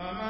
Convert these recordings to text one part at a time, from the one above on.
فمن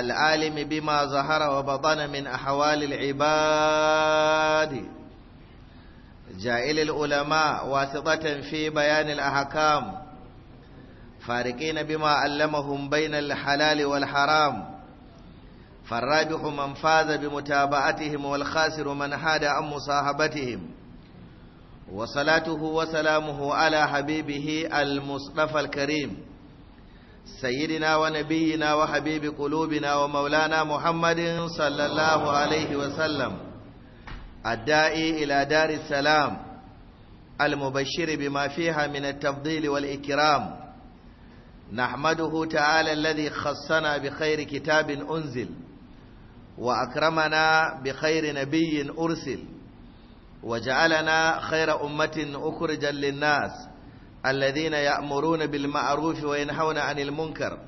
العالم بما ظهر وبطن من أحوال العباد جائل العلماء واسطة في بيان الأحكام فارقين بما علمهم بين الحلال والحرام فالرابح من فاز بمتابعتهم والخاسر من حاد عن مصاحبتهم وصلاته وسلامه على حبيبه المصطفى الكريم سيدنا ونبينا وحبيب قلوبنا ومولانا محمد صلى الله عليه وسلم الداعي إلى دار السلام المبشر بما فيها من التفضيل والإكرام نحمده تعالى الذي خصنا بخير كتاب أنزل وأكرمنا بخير نبي أرسل وجعلنا خير أمة أخرجا للناس الذين يأمرون بالمعروف وينهون عن المنكر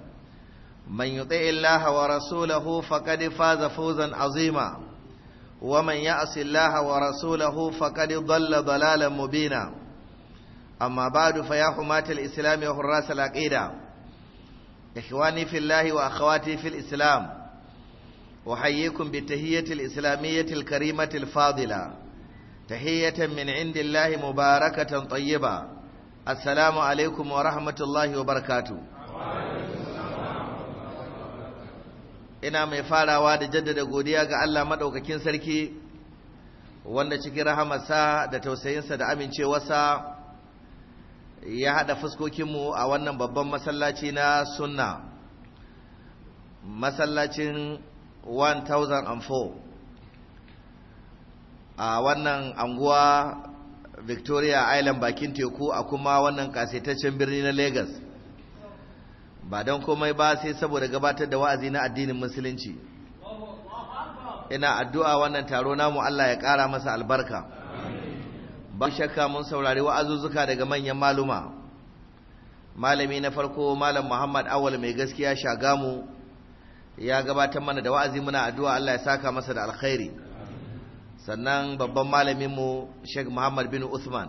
من يطع الله ورسوله فقد فاز فوزا عظيما ومن يعص الله ورسوله فقد ضل ضلالا مبينا أما بعد فيا حماة الإسلام وحراس العقيدة إخواني في الله وأخواتي في الإسلام أحييكم بالتهية الإسلامية الكريمة الفاضلة تحية من عند الله مباركة طيبة assalamu alaikum wa rahmatullahi wa barakatu ina mai farawa da jaddada godiya ga Allah maɗaukakin sarki wanda cikin rahamarsa da tausayinsa da amincewarsa ya haɗa fuskokinmu a wannan babban masallaci na sunna masallacin 1004 a wannan anguwa victoria island bakin teku a kuma wannan kasaitaccen birni na lagos ba don komai ba sai saboda gabatar da wa'azi na addinin musulunci ina addu'a wannan taro namu allah ya kara masa albarka ba shakka mun saurari wa'azuzzuka daga manyan maluma malami na farko malam muhammad awal mai gaskiya shagamu ya gabatar mana da wa'azi muna addu'a allah ya saka masa da alkhairi sannan babban malaminmu sheikh muhammad bin usman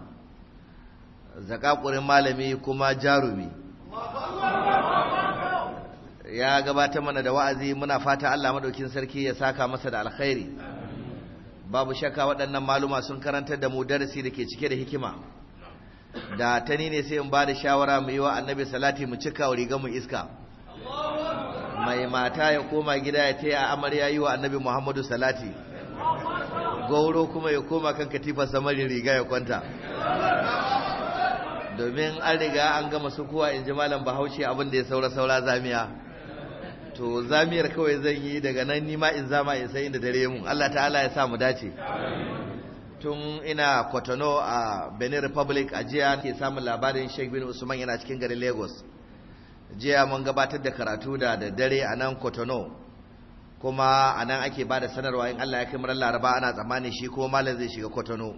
zakakurin malami kuma jarumi ya gabatar mana da wa'azi muna fata allah maɗaukin sarki ya saka masa da alkhairi babu shakka waɗannan maluma sun karantar da mu darasi da ke cike da hikima da ta ni ne sai in ba da shawara mu yi wa annabi salati mu cika riga mu iska mai mata ya koma gida ya taya amarya yi wa annabi muhammadu salati Goro kuma ya koma kan katifa samari riga ya kwanta domin an riga an gama su kowa in ji malam bahaushe abin da ya saura saura zamiya to zamiyar kawai zan yi daga nan nima in zama in sai inda dare mun Allah ta'ala ya sa mu dace tun ina Kotono a Benin Republic a jiya ke samun labarin Sheikh bin Usman yana cikin garin Lagos jiya mun gabatar da karatu da dare a nan Kotono kuma a nan ake ba da sanarwa in Allah ya kai murar laraba ana tsammanin shi ko malam zai shiga kwatano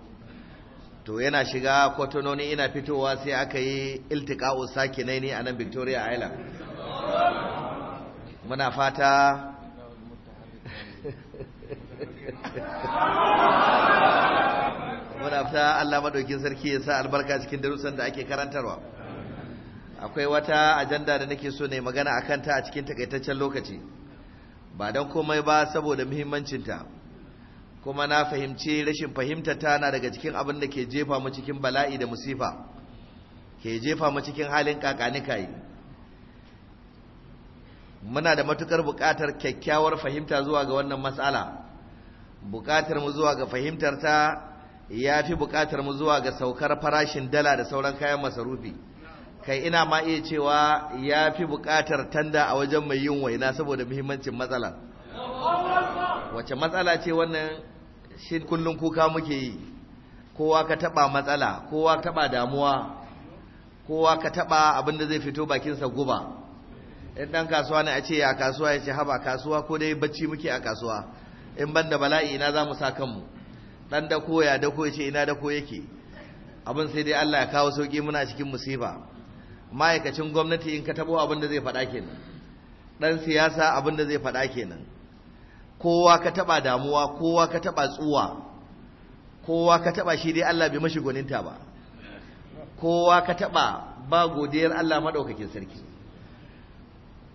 to yana shiga kwatano ne ina fitowa sai aka yi iltika'u sakinai ne a nan victoria island muna fata muna fata Allah sarki ya sa albarka cikin darussan da ake karantarwa akwai wata ajanda da nake so ne magana akan ta a cikin takaitaccen lokaci ba don komai ba saboda muhimmancinta kuma na fahimci rashin fahimta tana daga cikin abin da ke jefa mu cikin bala'i da musifa ke jefa mu cikin halin kakanikayi muna da matukar bukatar kyakkyawar fahimta zuwa ga wannan matsala buƙatar mu zuwa ga fahimtar ta ya fi buƙatar mu zuwa ga saukar farashin dala da sauran kayan masarufi kai ina ma iya cewa ya fi buƙatar tanda a wajen mai yin waina saboda muhimmancin matsala wace matsala ce wannan shi kullum kuka muke yi kowa ka taɓa matsala kowa ka taɓa damuwa kowa ka taɓa abin da zai fito bakinsa guba in ɗan kasuwa ne a ce a kasuwa ya ce haba kasuwa ko dai bacci muke a kasuwa in ban da bala'i ina za mu sa kanmu ɗan ko ya dako ya ce ina dako yake abin sai dai Allah ya kawo sauki muna cikin musiba ma'aikacin gwamnati in ka tabo abin da zai faɗa kenan ɗan siyasa abin da zai faɗa kenan kowa ka taɓa damuwa kowa ka taɓa tsuwa kowa ka taɓa shi dai Allah bai mashi gwaninta ba kowa ka taɓa ba godiyar Allah maɗaukakin sarki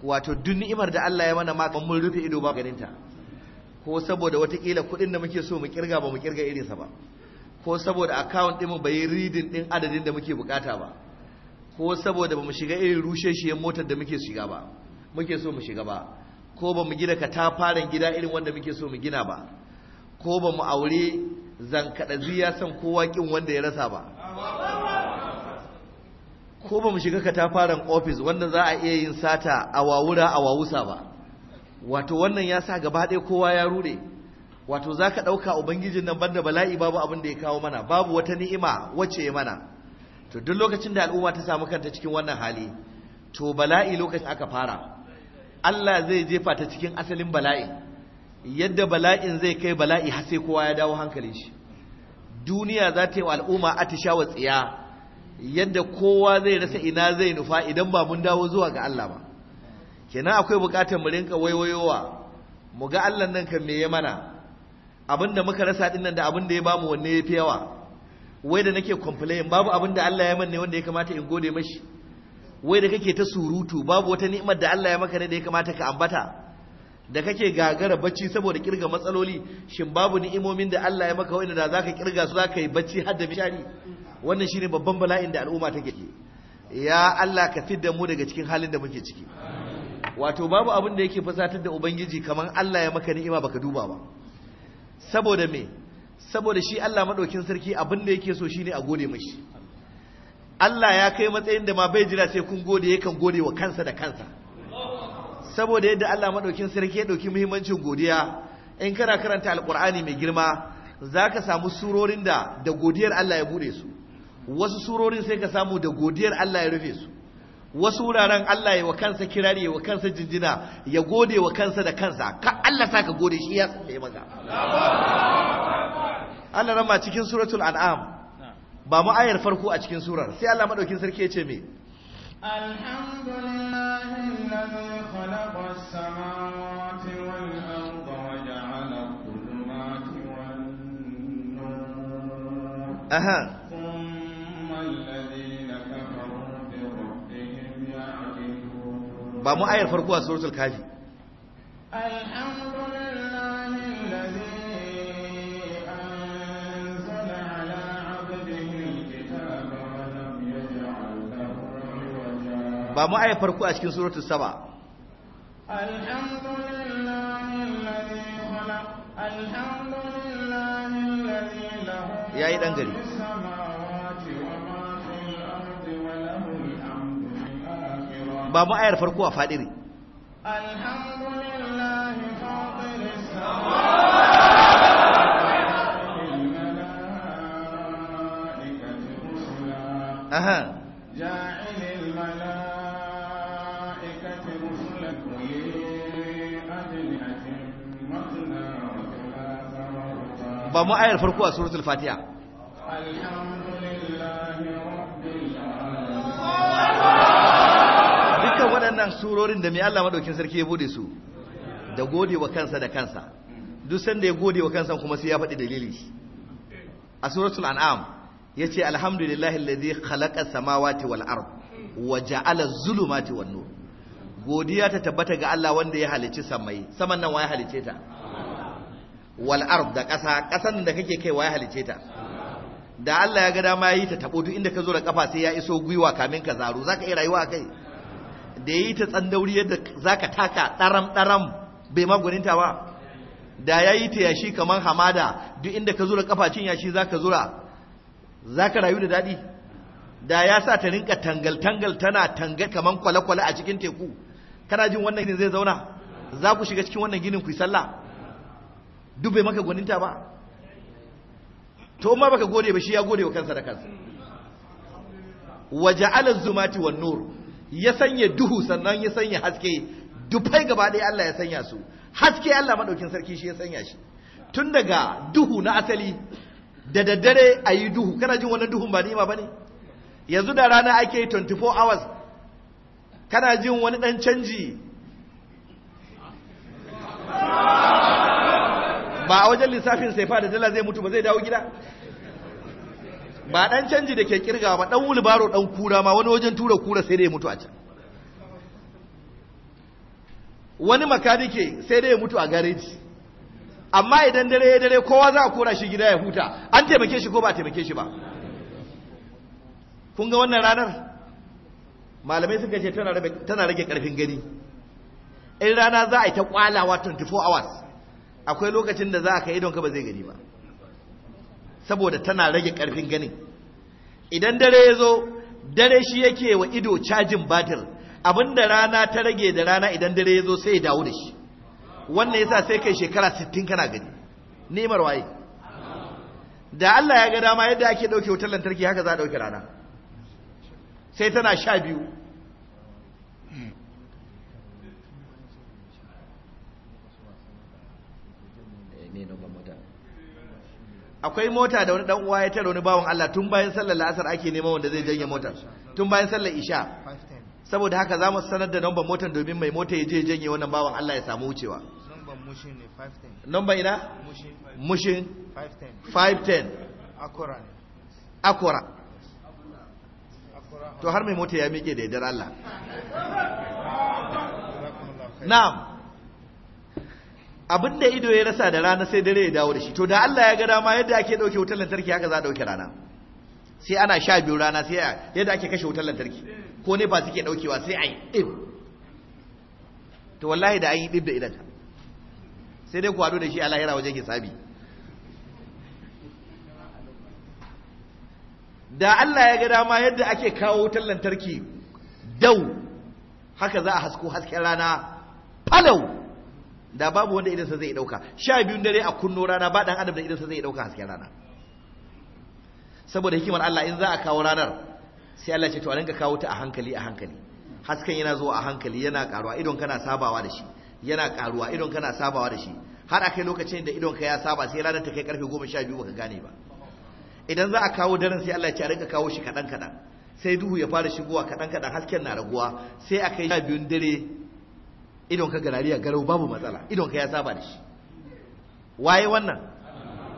wato duk ni'imar da Allah ya mana ma mun rufe ido ba ganinta ko saboda watakila kuɗin da muke so mu kirga ba mu kirga irinsa ba ko saboda account ɗin mu bai reading ɗin adadin da muke bukata ba ko saboda bamu shiga irin rushe shi motar da muke shiga ba muke so mu shiga ba ko bamu gina katafaren gida irin wanda muke so mu gina ba ko bamu aure zankadazi ya san kowa kin wanda ya rasa ba ko bamu shiga katafaren office wanda za a iya yin sata a wawura a wawusa ba wato wannan ya sa gaba ɗaya kowa ya rure wato za ka ɗauka ubangijin nan banda bala'i babu abin da ya kawo mana babu wata ni'ima wacce ya mana to duk lokacin da al'umma ta samu kanta cikin wannan hali to bala'i lokacin aka fara Allah zai jefa ta cikin asalin bala'i yadda bala'in zai kai bala'i har sai kowa ya dawo hankalin shi duniya za ta yi wa al'umma atishawa tsiya yadda kowa zai rasa ina zai nufa idan ba mun dawo zuwa ga Allah ba kenan akwai bukatar mu rinka waiwayowa mu ga Allah nan kan me ya mana abinda muka rasa dinnan da abinda ya bamu wanne ya fi yawa wai da nake complain babu abin da Allah ya min ne wanda ya kamata in gode mashi wai da kake ta surutu babu wata ni'imar da Allah ya maka ne da ya kamata ka ambata da kake gagara bacci saboda kirga matsaloli shin babu ni'imomin da Allah ya maka wanda da zaka kirga su zaka yi bacci har da mishari wannan shine babban bala'in da al'umma take ke ya Allah ka fidda mu daga cikin halin da muke ciki wato babu abin da yake fusatar da ubangiji kamar Allah ya maka ni'ima baka duba ba saboda me saboda shi Allah maɗaukin sarki abin da yake so shi ne a gode mashi Allah ya kai matsayin da ma bai jira sai kun gode yakan gode wa kansa da kansa saboda yadda Allah maɗaukin sarki ya ɗauki muhimmancin godiya in kana karanta alƙur'ani mai girma za ka samu surorin da da godiyar Allah ya buɗe su wasu surorin sai ka samu da godiyar Allah ya rufe su wasu wuraren Allah ya wa kansa kirari ya wa kansa jinjina ya gode wa kansa da kansa ka Allah sa ka gode shi ya tsalle maka Allah rama cikin suratul an'am ba mu ayar farko a cikin surar sai Allah madaukin sarki ya ce me alhamdulillahi alladhi khalaqa as-samawati wal arda wa ja'ala adh-dhulumati wan nur aha thumma alladhina kafaru bi rabbihim ya'dilun ba mu ayar farko a suratul kafi alhamdulillahi ba mu aya farko a cikin suratul saba ya yi ɗangare ba mu ayar farko a faɗiri Aha. ba mu ayar farko a suratul fatiha dukkan waɗannan surorin da mai Allah madaukin sarki ya bude su da gode wa kansa da kansa duk sanda ya gode wa kansa kuma sai ya faɗi dalili a suratul an'am ce alhamdulillahi alladhi khalaqa samawati wal ard wa ja'ala zulumati wan nur godiya ta tabbata ga Allah wanda ya halicci samai saman nan wa ya halicce ta wal ard da ƙasa ƙasan da kake kaiwa ya halice ta da Allah ya ga dama yi ta tabo duk inda ka zo da kafa sai ya iso gwiwa kamin ka zaro zaka iya rayuwa kai da yi ta tsandauri yadda zaka taka daram daram bai maguninta ba da ya yi ta yashi kaman hamada duk inda ka zura cin yashi zaka zura zaka rayu da daɗi da ya sa ta rinka tangal tangal tana tanga kaman kwale-kwale a cikin teku kana jin wannan ginin zai zauna za ku shiga cikin wannan ginin ku yi sallah duk bai maka gwaninta ba to ma baka gode ba shi ya gode wa kansa da kansa waja'ala zumati wa nur ya sanya duhu sannan ya sanya haske dufai gaba ɗaya Allah ya sanya su haske Allah madaukin sarki shi ya sanya shi tun daga duhu na asali da daddare a yi duhu kana jin wani duhun ba ni'ima ba ne yanzu da rana ake 24 hours kana jin wani dan canji ba a wajen lissafin sai fada da dala zai mutu ba zai dawo gida ba dan canji da ke kirga ba dan wulbaro dan kura ma wani wajen tura kura sai dai ya mutu a can wani makanike sai dai ya mutu a gareji amma idan dare ya dare kowa za a kora shi gida ya huta an taimake shi ko ba taimake shi ba kun ga wannan ranar malamai suka ce tana rage karfin gani in rana za a yi ta kwalawa 24 hours akwai lokacin da za ka ka, ba zai gani ba saboda tana rage karfin ganin idan dare ya zo dare shi yake wa ido cajin batir abinda rana ta rage da rana idan dare ya zo sai ya dawo da shi wannan yasa sai kai shekara 60 kana gani nemar waye da Allah ya ga dama yadda ake dauke wutar lantarki haka za a dauke rana sai tana sha biyu ne na ramadan akwai mota da wani dan uwa ya tare wani bawan Allah tun bayan sallar la'asar ake neman wanda zai janye mota tun bayan sallar isha saboda haka za mu sanar da number motar domin mai mota ya je janye wannan bawan Allah ya samu wucewa number ina mushin 510 akura akura to har mai mota ya miƙe da yardar Allah na'am abin da ido ya rasa da rana sai dare ya dawo da shi to da Allah ya ga dama yadda ake dauke wutar lantarki haka za a dauke rana sai ana sha biyu rana sai yadda ake kashe wutar lantarki ko ne ba suke daukewa sai a yi to wallahi da an yi da idan sai dai kwado da shi a lahira wajen hisabi da Allah ya ga dama yadda ake kawo wutar lantarki dau haka za a hasko hasken rana falau da babu wanda idansa zai dauka sha biyun dare a kunno rana ba dan adam da idansa zai dauka hasken rana saboda hikimar Allah in za a kawo ranar sai Allah ce to a rinka kawo ta a hankali a hankali hasken yana zuwa a hankali yana karuwa idon kana sabawa da shi yana karuwa idon kana sabawa da shi har akai lokacin da idon ka ya saba sai ranar ta kai karfe 12 baka gane ba idan za a kawo daren sai Allah ya ce a rinka kawo shi kadan kadan sai duhu ya fara shigowa kadan kadan hasken na raguwa sai akai 12 dare idon ka garariya garau babu matsala idon ka ya saba da shi waye wannan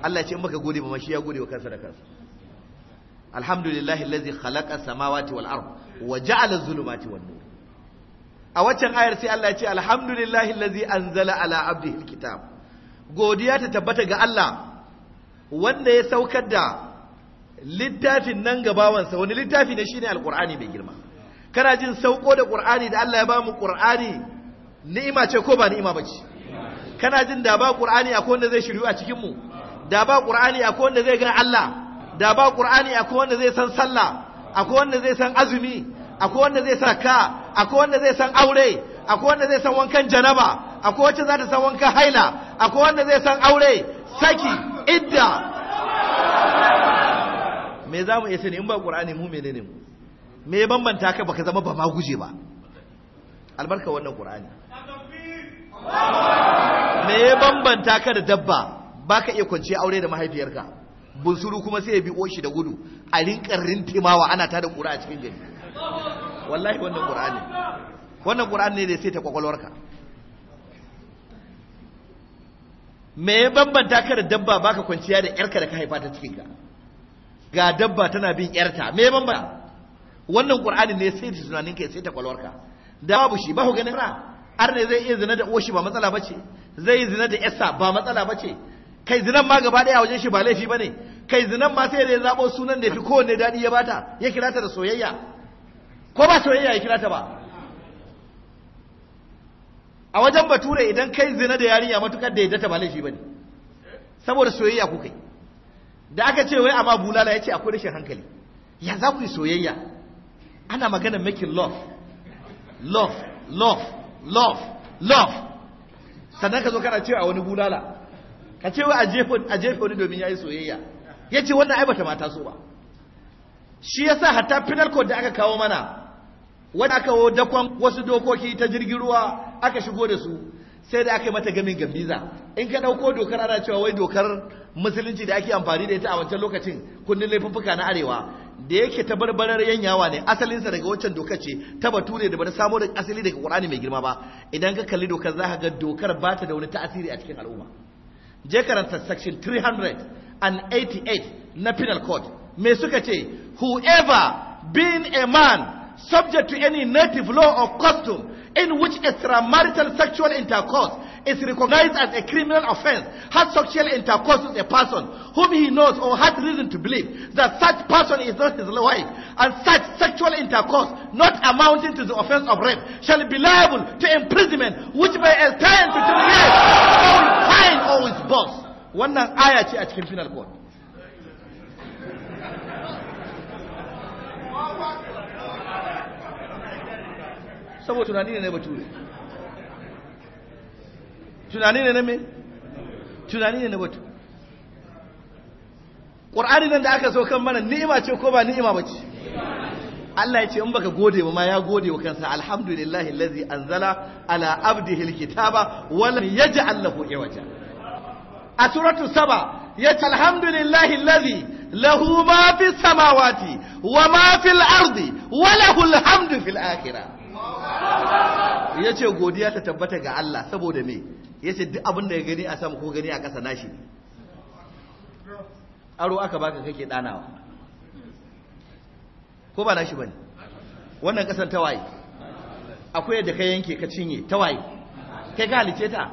Allah ce in baka gode ba shi ya gode wa kansa da kansa alhamdulillahi allazi khalaqa samawati wal ard wa ja'ala zulumati wan nur a waccan ayar sai Allah ya ce alhamdulillahi allazi anzala ala abdihi alkitab godiya ta tabbata ga Allah wanda ya saukar da littafin nan gabawansa wani littafi ne shine alqur'ani bai girma kana jin sauko da qur'ani da Allah ya ba mu qur'ani ni'ima ce ko ba ni'ima bace kana jin da ba qur'ani akwai wanda zai shiryu a cikin mu da ba qur'ani akwai wanda zai ga Allah da ba qur'ani akwai wanda zai san sallah akwai wanda zai san azumi akwai wanda zai sa ka akwai wanda zai san aure akwai wanda zai san wankan janaba akwai wacce za ta san wankan haila akwai wanda zai san aure saki idda me za mu iya sani in ba qur'ani mu menene mu me bambanta ka baka zama ba ma guje ba albarka wannan qur'ani me ya bambanta ka da dabba ba ka iya kwanci aure da mahaifiyarka bunsuru kuma sai ya bi oshi da gudu a rinƙar rintimawa ana ta da ƙura a cikin gari wallahi wannan ƙura ne wannan ƙura ne da sai ta kwakwalwarka me ya bambanta ka da dabba ba ka kwanciya da yarka da ka haifa ta cikin ka ga dabba tana bin yarta me ya bambanta wannan ƙura ne sai ta tunaninka ya sai ta kwakwalwarka. da babu shi ba ku ganin ra har ne zai iya zina da oshi, ba matsala bace zai zina da yasa ba matsala bace kai zinan ma gaba daya wajen shi ba laifi bane kai zinan ma sai da ya zabo sunan da fi kowanne dadi ya bata ya kira ta da soyayya ko ba soyayya ya kira ta ba a wajen bature idan kai zina da yarinya matukar da yadda ta ba laifi bane saboda soyayya ku kai da aka ce wai amma bulala ya ce akwai rashin hankali ya za ku yi soyayya ana magana making love love love love love sannan ka zo kana cewa wani bulala ka ce wa a jefa wani domin yayi soyayya ya ce wannan aibata mata so ba shi yasa hatta penal code da aka kawo mana wanda aka kawo dakon wasu dokoki ta jirgin ruwa aka shigo da su sai da aka yi mata gamin gambiza in ka ɗauko dokar ana cewa wai dokar musulunci da ake amfani da ita a wancan lokacin kundin laifuffuka na arewa da yake ta barbarar yanyawa ne asalinsa daga wancan dokar ce ta bature da bata samo da asali daga Qur'ani mai girma ba idan ka kalli dokar za ga dokar ba ta da wani ta'asiri a cikin al'umma je karanta section 388 na penal code me suka ce whoever being a man subject to any native law or custom in which extramarital sexual intercourse is recognized as a criminal offense has sexual intercourse with a person whom he knows or has reason to believe that such person is not his wife and such sexual intercourse not amounting to the offense of rape shall be liable to imprisonment which may extend to three years or with fine or with both wannan aya ce a cikin penal saboda tunani ne na bature tunani ne na me tunani ne na bature ƙur'ani nan da aka so kan mana ni'ima ce ko ba ni'ima ba ce Allah ya ce in baka gode ba ma ya gode wa kansa alhamdulillahi lazi anzala ala abdihi alkitaba wa lam yaj'al lahu iwaja a suratu saba ya yace alhamdulillahi lazi lahu ma fis samawati wa ma fil ardi wa lahu alhamdu fil akhirah ya ce godiya ta tabbata ga Allah saboda me ya ce duk abin da ya gani a sama ko gani a ƙasa nashi ne aro aka baka kake ɗanawa ko ba nashi bane wannan ƙasar tawaye akwai da ka yanke ka cinye tawaye kai ka halice ta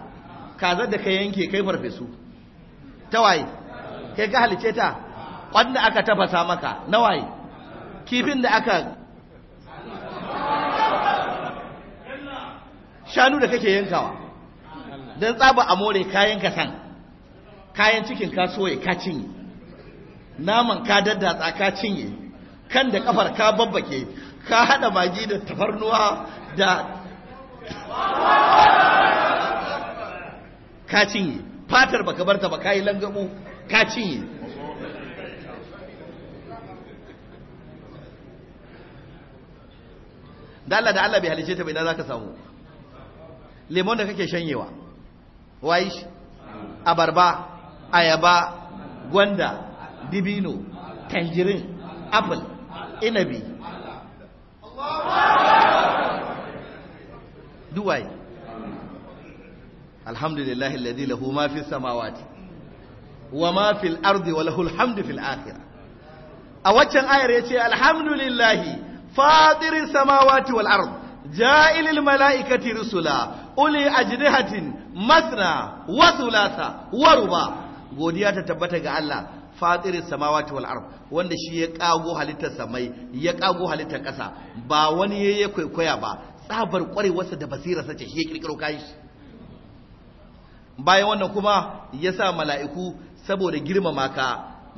kazar da ka yanke kai farfesu tawaye kai ka halice ta wanda aka tafasa maka nawaye kifin da aka shanu da kake yankawa don tsaba a more kayan ka san kayan cikin ka soye ka cinye naman ka daddatsa ka cinye kan da kafar ka babbake ka hada magi da tafarnuwa da ka cinye fatar baka barta ba kayi langabo ka cinye da Allah da Allah bai halice ta bai da zaka samu lemon da kake shanyewa wayi abarba ayaba gwanda dibino tangirin apple inabi duwaye alhamdulillah alladhi lahu ma fi samawati wa ma fil ardi wa lahu alhamdu fil akhirah a waccan ayar ya ce alhamdulillahi fadiri samawati wal ard ja'ilil mala'ikati rusula uli ajnihatin masna wa thulatha wa ruba godiya ta tabbata ga Allah fatirin samawati wal ard wanda shi ya kago halittar samai ya kago halittar kasa ba wani yayye kwaikwaya ba tsabar kwarewarsa da basira sace shi ya kirkiro kai bayan wannan kuma ya sa mala'iku saboda girmama ka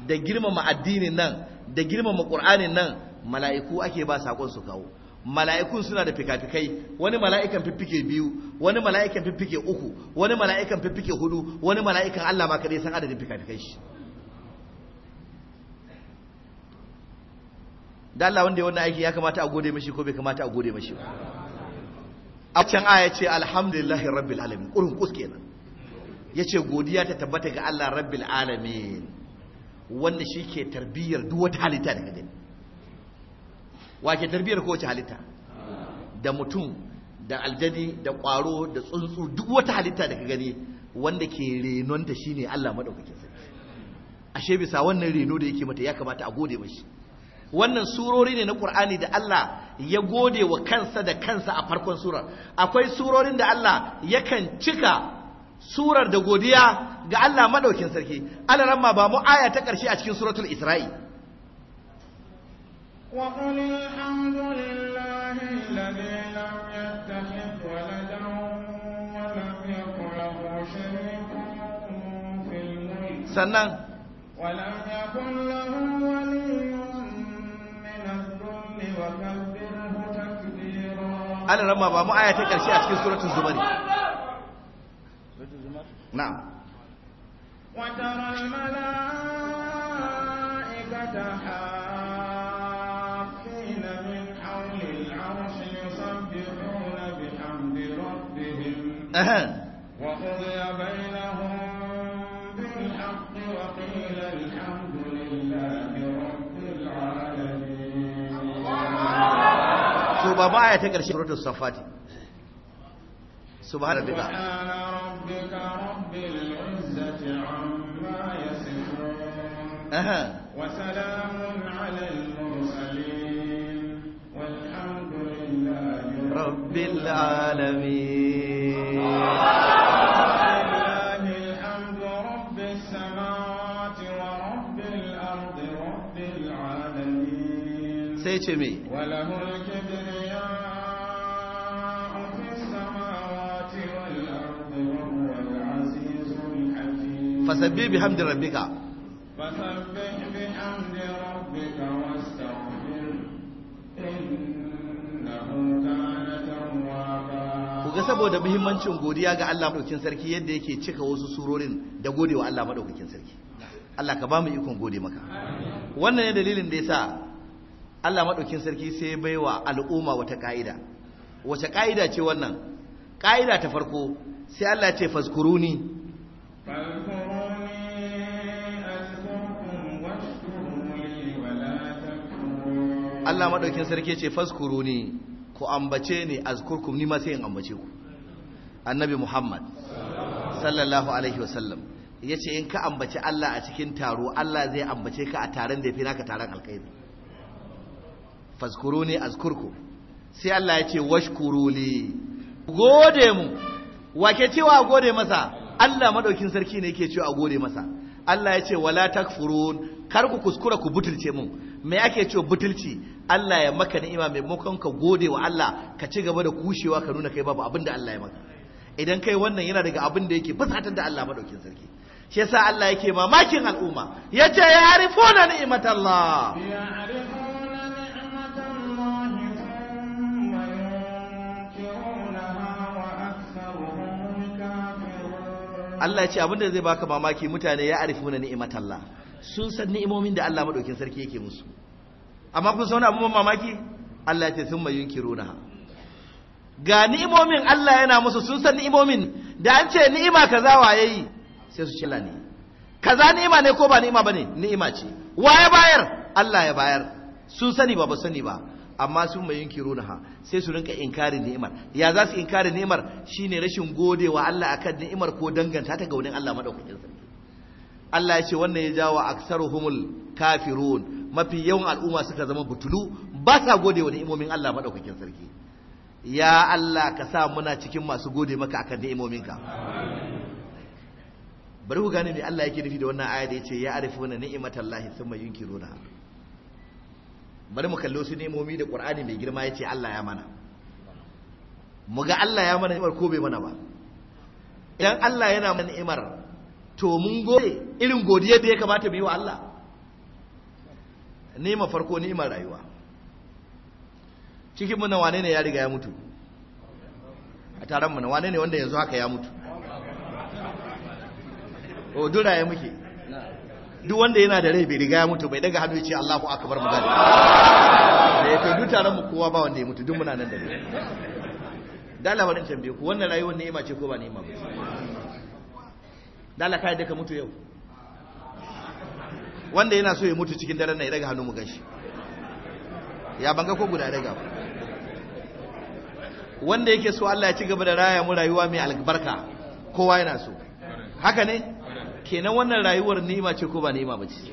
da girmama addinin nan da girmama ƙur'anin nan mala'iku ake ba sakon su kawo mala'ikun suna da fikafikai wani mala'ikan fiffike biyu wani mala'ikan fiffike uku wani mala'ikan fiffike hudu wani mala'ikan Allah ma kadai san adadin fikafikai shi da Allah wanda ya wannan aiki ya kamata a gode mashi ko bai kamata a gode mashi ba a can aya ce alhamdulillahi rabbil alamin kurun kus kenan yace godiya ta tabbata ga Allah rabbil alamin wanda shi ke tarbiyyar duk wata halitta daga gani wake tarbiyar kowace halitta da mutum da aljani da ƙwaro da tsuntsu duk wata halitta da ka gani wanda ke renonta shine Allah madaukakin sarki ashe bisa wannan reno da yake mata ya kamata a gode mashi wannan surori ne na ƙur'ani da Allah ya gode wa kansa da kansa a farkon surar akwai surorin da Allah yakan cika surar da godiya ga Allah maɗaukin sarki alaramma ba mu aya ta ƙarshe a cikin suratul Isra'i وقل الحمد لله الذي لم يتخذ ولدا ولم يكن له شريك في الملك سنة ولم يكن له ولي من الذل وكبره تكبيرا أنا لما بابا آية تكرشي أشكي سورة الزمر نعم وترى الملائكة حاملين وقضي بينهم بالحق وقيل الحمد لله رب العالمين شو بابا آية تقرأ سورة الصفات سبحان ربك سبحان ربك رب العزة عما يصفون أها وسلام على المرسلين والحمد لله رب العالمين ce me fasabbi bi hamdi rabbika ga saboda muhimmancin godiya ga Allah madaukakin sarki yadda yake cika wasu surorin da godewa Allah madaukakin sarki Allah ka ba mu ikon gode maka wannan ne dalilin da yasa Allah maɗaukin sarki sai baiwa al'umma wata ƙa'ida wace ƙa'ida ce wannan ƙa'ida ta farko sai Allah ce fazkuruni Allah maɗaukin sarki ce fazkuruni ku ambace ni azkurkum ni ma sai in ambace ku annabi Muhammad sallallahu alaihi wasallam ya ce in ka ambace Allah a cikin taro Allah zai ambace ka a taron da ya fi naka taron alkhairi fazkuruni azkurku sai Allah ya ce washkuruli gode mu wake cewa gode masa Allah madaukin sarki ne yake cewa gode masa Allah ya ce wala takfurun kar ku kuskura ku butulce mu me ake cewa butulci Allah ya maka ni'ima maimakon ka gode wa Allah ka ci gaba da kushewa ka nuna kai babu abinda Allah ya maka idan kai wannan yana daga abin da yake fusatar da Allah madaukin sarki shi yasa Allah yake mamakin al'umma yace ya arifuna ni'matallah ya Allah ya ce abin da zai baka mamaki mutane ya arifu na Allah sun san ni'imomin da Allah madaukin sarki yake musu amma kun san abin mamaki Allah ya ce sun mayunkiruna ga ni'imomin Allah yana musu sun san ni'imomin da an ce ni'ima kaza waye yi sai su cila ni kaza ni'ima ne ko ba ni'ima bane ni'ima ce waye bayar Allah ya bayar sun sani ba ba sani ba amma sun mai yunkiru ha sai su rinka inkarin ni'imar ya za su inkari ni'imar shine rashin gode wa Allah akan ni'imar ko danganta ta ga wani Allah maɗaukakin sarki Allah ya ce wannan ya jawo humul kafirun mafi yawan al'umma suka zama butulu ba sa gode wa ni'imomin Allah maɗaukakin sarki ya Allah ka sa muna cikin masu gode maka akan ni'imominka bari ku gane me Allah yake nufi da wannan aya da ce ya arifuna ni'matallahi thumma yunkiruna bari mu kallo su nemomi da qur'ani mai girma ya ce Allah ya mana mu ga Allah ya mana ni'imar ko bai mana ba idan Allah yana mana ni'imar to mun gode irin godiya da ya kamata mu yi wa Allah ni'ima farko ni'imar rayuwa cikin mu wane ne ya riga ya mutu a taron mu wane ne wanda yanzu haka ya mutu o oh, ya muke duk wanda yana da rai bai riga ya mutu bai daga hannu ya ce Allahu akabar mu gani da ya to duk taron mu kowa ba wanda ya mutu duk muna nan da rai da labarin bari tambaye ku wannan rayuwar ni'ima ce ko ba ni'ima ba da la kai da ka mutu yau wanda yana so ya mutu cikin daren nan ya daga hannu mu gashi ya banga ko guda daga ba wanda yake so Allah ya ci gaba da raya mu rayuwa mai albarka kowa yana so haka ne kenan wannan rayuwar nima ce ko ba nima ba ce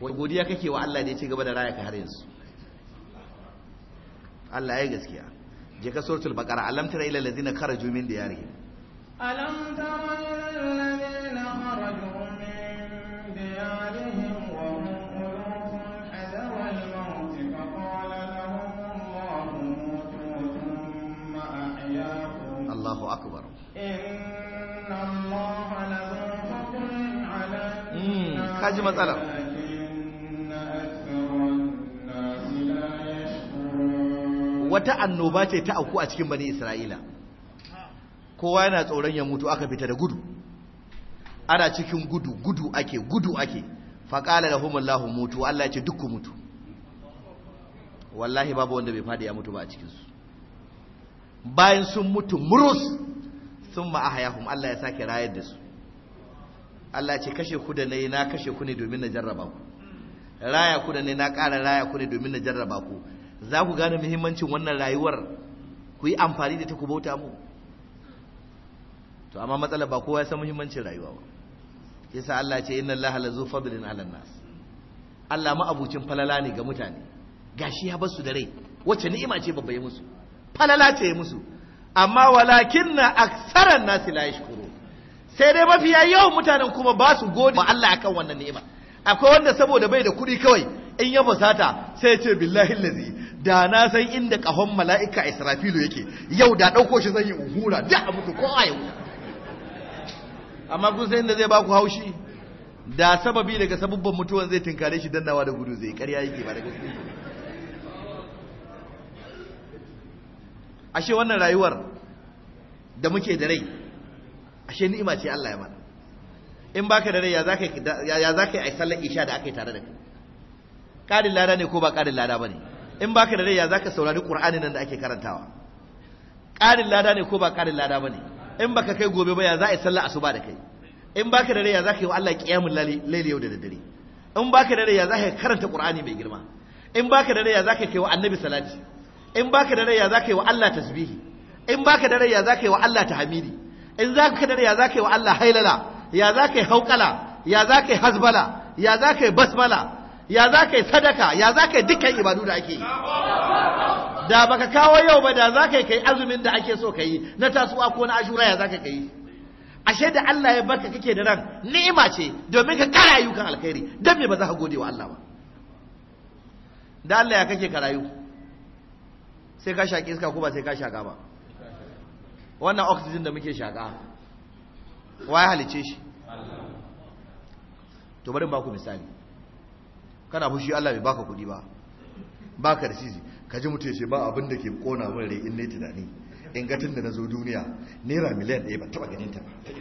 godiya kake wa Allah ne ya ci gaba da raya har yanzu Allah ya gaskiya je ka suratul baqara alam tara ila allazina kharaju min diyarihim alam tara kaji matsala wata annoba ce ta auku a cikin bani isra'ila kowa yana tsoron ya mutu aka fita da gudu ana cikin gudu gudu ake gudu ake faƙala da humallahu mutu Allah ya ce duk ku mutu wallahi babu wanda bai fadi ya mutu ba a cikinsu bayan sun mutu murus sun ma'ahayahun Allah ya sake rayar da su Allah ce kashe ku da nayi na kashe ku ne domin na jarraba ku raya ku da nayi na ƙara raya ku ne domin na jarraba ku za ku gane muhimmancin wannan rayuwar ku yi amfani da ta ku bauta mu to amma matsala ba kowa ya san muhimmancin rayuwa ba yasa Allah ce inna Allah la zu fadlin ala nas Allah ma abucin falala ne ga mutane gashi ya su da rai wacce ni'ima ce babba ya musu falala ce ya musu amma walakinna aktsaran nasu la yashkuru sai dai mafi yayi yawan mutanen kuma ba su gode wa Allah akan wannan ni'ima akwai wanda saboda bai da kuɗi kawai in ya fusata sai ya ce billahi lazi da na san inda kahon mala'ika israfilu yake yau da ɗauko shi zan yi uhura da a mutu ko a yau amma kun san inda zai ba ku haushi da sababi daga sabubban mutuwan zai tinkare shi dannawa da gudu zai karya yake ba da gaske ashe wannan rayuwar da muke da rai ashe ni'ima ce Allah ya mana in baka da rai ya zaka ya zaka yi sallar isha da akai tare da kai karin lada ne ko ba karin lada bane in baka da rai ya zaka saurari qur'ani nan da ake karantawa karin lada ne ko ba karin lada bane in baka kai gobe ba ya za a yi sallar asuba da kai in baka da rai ya zaka yi wa Allah qiyamul layl yau da daddare in baka da rai ya zaka karanta qur'ani mai girma in baka da rai ya zaka kai wa annabi salati in baka da rai ya zaka yi wa Allah tasbihi in baka da rai ya zaka yi wa Allah tahmidi in za ka kadar ya za ka yi wa Allah hailala ya za ka yi haukala ya za ka yi hasbala ya za ka yi basmala ya za ka yi sadaka ya za ka yi dukkan ibadu da ake yi da baka kawo yau ba da za ka yi kai azumin da ake so ka yi na tasuwa ko na ashura ya za ka yi ashe da Allah ya barka kake da ran ni'ima ce domin ka kara ayyukan alkhairi dan me ba za ka gode wa Allah ba da Allah ya kake karayu sai ka shaki iska ko ba sai ka shaka ba wannan oxygen da muke shaka waye halice shi to bari baku misali kana fushi Allah bai baka kudi ba baka da sisi kaji mutum ce ba abin da ke kona min rai in ne tunani in ga tun da na zo duniya naira miliyan ɗaya ba taɓa ganin ta ba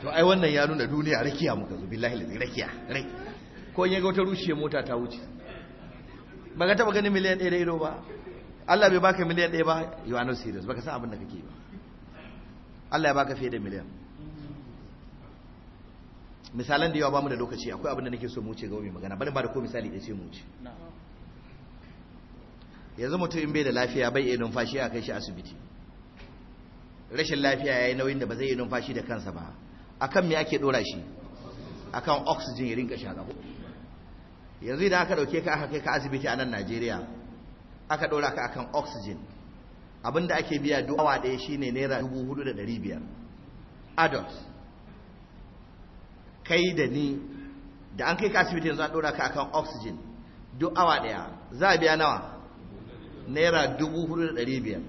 to ai wannan ya nuna duniya rakiya muka zo billahi lazi rakiya rai ko in ya ga wata rushe mota ta wuce ba ga taɓa ganin miliyan ɗaya da ido ba Allah bai baka miliyan ɗaya ba you are not serious baka san abin da kake ba Allah ya baka fiye da miliyan misalan da yawa ba mu da lokaci akwai abin da nake so mu ce ga magana bari ba da ko misali ɗaya ce mu ce yanzu mutum in bai da lafiya bai iya numfashi a kai shi asibiti rashin lafiya ya yi nauyin da ba zai iya numfashi da kansa ba akan me ake ɗora shi akan oxygen ya rinka shaka yanzu idan aka dauke ka aka kai ka asibiti a nan najeriya aka ɗora ka akan oxygen abinda ake biya duk awa ɗaya shine naira dubu adults da ɗari biyar kai da ni da an kai ka asibiti yanzu a ɗora ka akan oxygen duk awa ɗaya za a biya nawa naira dubu da ɗari biyar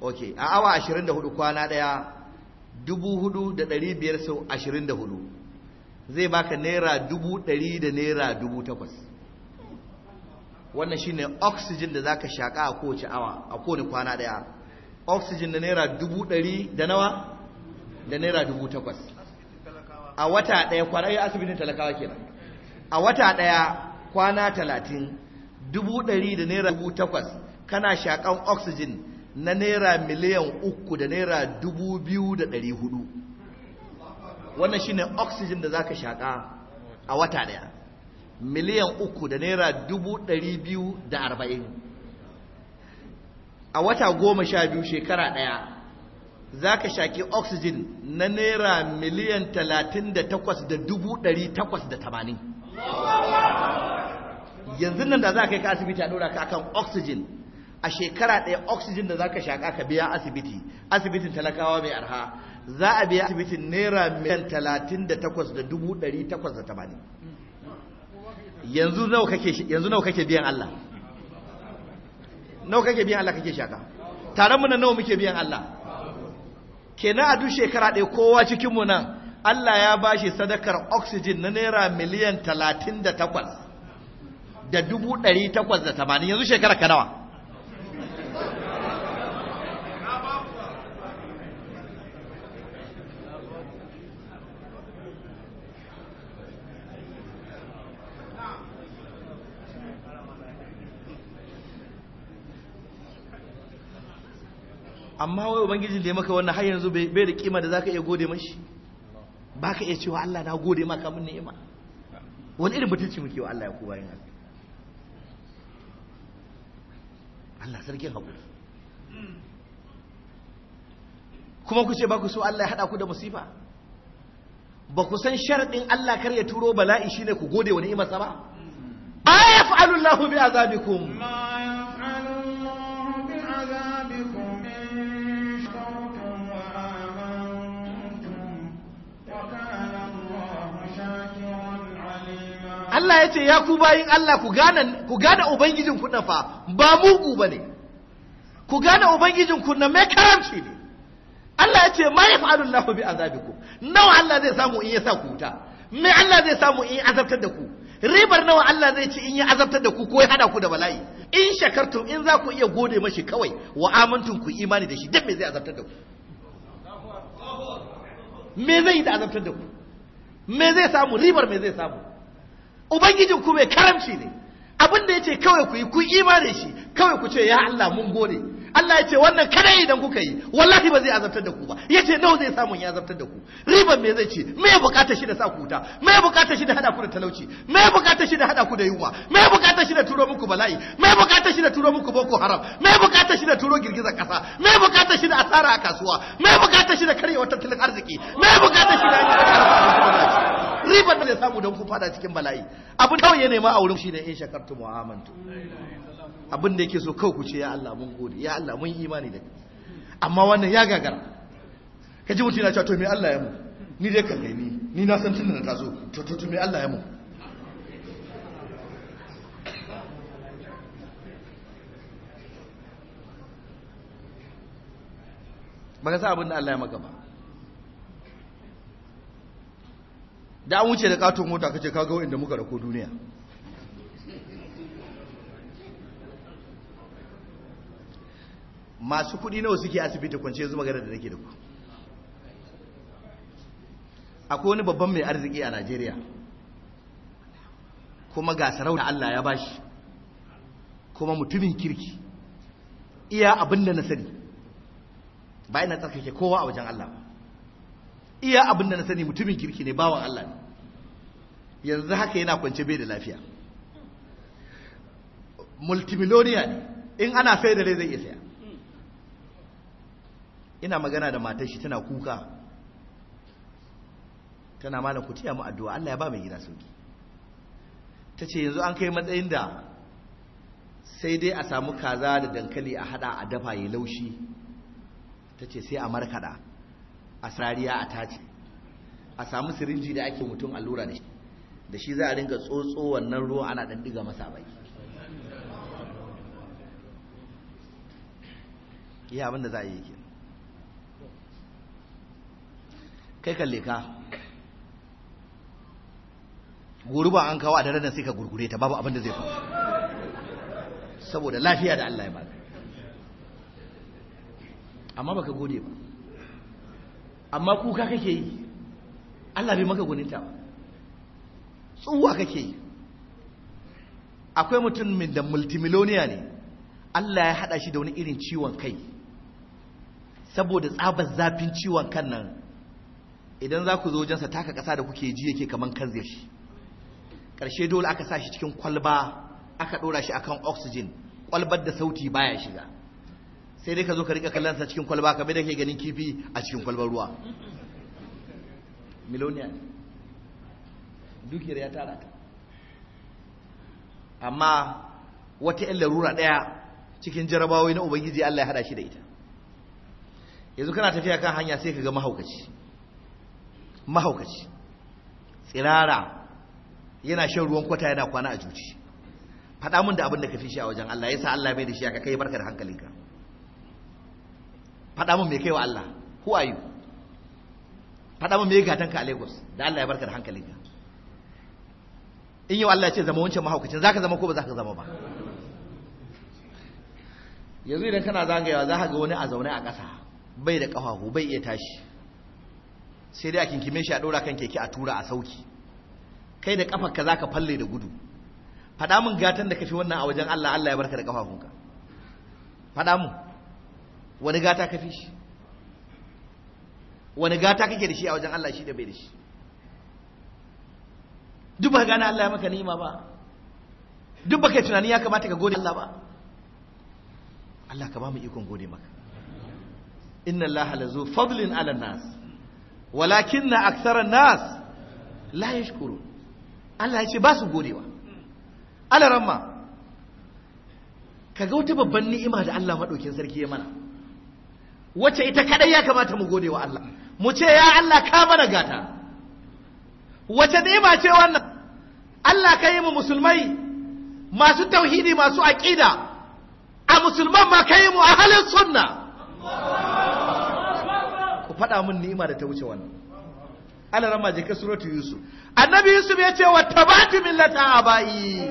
ok a awa ashirin da kwana ɗaya dubu da ɗari biyar sau ashirin da zai baka naira dubu ɗari da naira dubu takwas wannan shine oxygen da zaka shaka a kowace awa a kowane kwana daya oxygen da naira dubu ɗari da nawa da naira dubu takwas a wata ɗaya kwana ya asibitin talakawa kenan a wata ɗaya kwana talatin dubu ɗari da naira dubu takwas kana shakan oxygen na naira miliyan uku da naira dubu biyu da ɗari hudu wannan shine oxygen da zaka shaka a wata ɗaya miliyan uku da naira dubu ɗari biyu da arba'in a wata goma sha biyu shekara ɗaya za ka shaƙi oxygen na naira miliyan talatin da takwas da dubu ɗari takwas da tamanin yanzu nan da za ka yi ka asibiti a ɗora ka kan oxygen a shekara ɗaya oxygen da za ka shaƙa ka biya asibiti asibitin talakawa mai arha za a biya asibitin naira miliyan talatin da takwas da dubu ɗari takwas da tamanin yanzu nawa kake yanzu nawa kake biyan Allah nawa kake biyan Allah kake shaka taron mu nan nawa muke biyan Allah kenan a duk shekara ɗaya kowa cikin mu nan Allah ya bashi sadakar oxygen na naira miliyan 38 da 1880 yanzu shekara ka nawa amma wai ubangijin da ya maka wannan har yanzu bai da kima da zaka iya gode mashi ka iya cewa Allah na gode maka kamun ni'ima wani irin mutunci muke wa Allah ya kowa yin haka Allah sarkin hakuri kuma ku ce ba ku so Allah ya hada ku da musifa ba ku san sharaɗin Allah kar ya turo bala'i shine ku gode wa ni'imarsa ba ayafa'alullahu bi azabikum Allah ya ce ya ku bayin Allah ku gane ku gane ubangijin ku na fa ba mugu bane ku gane ubangijin ku na mai karamci ne Allah ya ce ma yaf'alu Allahu bi azabikum nawa Allah zai samu in ya sa ku wuta me Allah zai samu in ya azabtar da ku ribar nawa Allah zai ci in ya azabtar da ku ko ya hada ku da bala'i in shakartum in za ku iya gode mashi kawai wa amantum ku imani da shi duk me zai azabtar da ku me zai yi da azabtar da ku me zai samu ribar me zai samu ubangijin ku mai karamci ne abin da ya ce kawai ku yi ku imanin shi kawai ku ce ya Allah mun gode Allah ya ce wannan kada idan kuka yi wallahi ba zai azabtar da ku ba ya ce nawa zai samu ya azabtar da ku riban me zai ce me ya bukata shi da sa ku wuta me ya bukata shi da hada ku da talauci me ya bukata shi da hada ku da yunwa me ya bukata shi da turo muku bala'i me ya bukata shi da turo muku boko haram me ya bukata shi da turo girgizar kasa me ya bukata shi da asara a kasuwa me ya bukata shi da karyewar tattalin arziki me ya bukata shi da ribar da zai samu don ku fada cikin bala'i abin kawai ya nema a wurin shi ne in shakartu mu'amantu abin da yake so kawai ku ce ya Allah mun gode ya Allah mun imani da amma wannan ya gagara ka ji mutum yana cewa to me Allah ya mu ni dai kan ni ni na san tunda na taso to to me Allah ya mu ba ka sa abin da Allah ya maka ba da an wuce da katon mota kace kaga wanda muka rako duniya masu kudi nawa suke asibiti kwance yanzu magana da nake da ku akwai wani babban mai arziki a Najeriya kuma ga sarauta Allah ya bashi kuma mutumin kirki iya abinda na sani bai na tsakake kowa a wajen Allah ba iya abin da na sani mutumin kirki ne bawan Allah ne yanzu haka yana kwance bai da lafiya multimillionaire ne in ana sai da zai iya saya ina magana da matar shi tana kuka tana malam ku tiya mu addu'a Allah ya ba mai gida sauki tace yanzu an kai matsayin da sai dai a samu kaza da dankali a hada a dafa ya laushi tace sai a markada a sariya a tace a samu sirinji da ake mutum allura da shi da shi za a rinka tsotso wannan ruwan ana ɗan diga masa baki iya abin da za a yi ke kai kalle ka ba an kawo a daren nan sai ka gurgure ta babu abin da zai faru saboda lafiya da Allah ya baka amma baka gode ba amma kuka kake yi Allah bai maka guninta tsuwa kake yi akwai mutum da multimiloniya ne Allah ya hada shi da wani irin ciwon kai saboda tsabar zafin ciwon kan nan idan za ku zo wajensa taka ƙasa da kuke ji yake kamar kan zai shi ƙarshe dole aka sa shi cikin kwalba aka ɗora shi akan oxygen kwalbar da sauti baya shiga sai dai ka zo ka rika kallon sa cikin kwalba bai da ke ganin kifi a cikin kwalbar ruwa milonia dukiyar ya tara ta amma wata yan larura ɗaya cikin jarabawai na ubangiji Allah ya hada shi da ita yanzu kana tafiya kan hanya sai ka ga mahaukaci mahaukaci tsirara yana shan ruwan kwata yana kwana a juci faɗa mun da abin da ka fi shi a wajen Allah yasa Allah bai da shi aka kai barkar hankalinka faɗa min me kai wa Allah who are you faɗa min me gatan ka a Lagos da Allah ya barka da hankalinka in yau Allah ya ce zama wancan mahaukacin zaka zama ko ba zaka zama ba yanzu idan kana zagayawa za ka ga wani a zaune a ƙasa bai da ƙafafu bai iya tashi sai dai a kinkime shi a ɗora kan keke a tura a sauki kai da ƙafarka za ka falle da gudu faɗa min gatan da ka fi wannan a wajen Allah Allah ya barka da ƙafafunka faɗa min wani gata ka fi shi wani gata kake da shi a wajen Allah shi da bai da shi duk ba gane Allah ya maka ni'ima ba duk ba kai tunani ya kamata ka gode Allah ba Allah ka ba mu ikon gode maka inna Allah lazu fadlin ala nas walakinna aktsara nas la yashkuru Allah ya ce ba su godewa ramma. kaga wata babban ni'ima da Allah madaukin sarki ya mana wacce ita kadai ya kamata mu gode wa Allah mu ce ya Allah ka bana gata wacce ba ce wannan Allah ka yi mu musulmai masu tauhidi masu aqida a musulman ma ka yi mu ahalin sunna ku faɗa min ni'ima da ta wuce wannan Allah rama je ka suratu Yusuf annabi Yusuf ya ce wa tabatu millata abai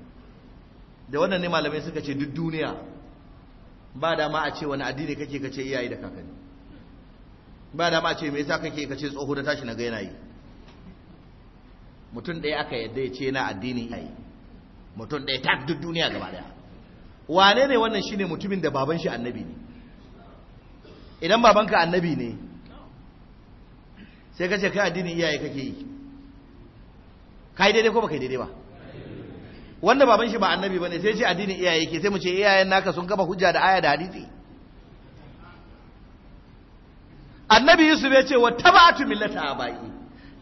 da wannan ne malamai suka ce duk duniya ba dama a ce wani addini kake kace iyaye da kakanni ba dama a ce me yasa kake kace tsoho da tashi na ga yana yi mutum ɗaya aka yadda ya ce yana addini iyaye mutum ɗaya ta duk duniya gaba daya wane ne wannan shine mutumin da baban shi annabi ne idan babanka annabi ne sai kace kai addinin iyaye kake yi kai daidai ko ba kai daidai ba wanda baban shi ba annabi bane sai ce addinin iyaye ke sai mu ce iyayen naka sun gaba hujja da aya da hadisi annabi yusuf ya ce wa taba'atu millata abai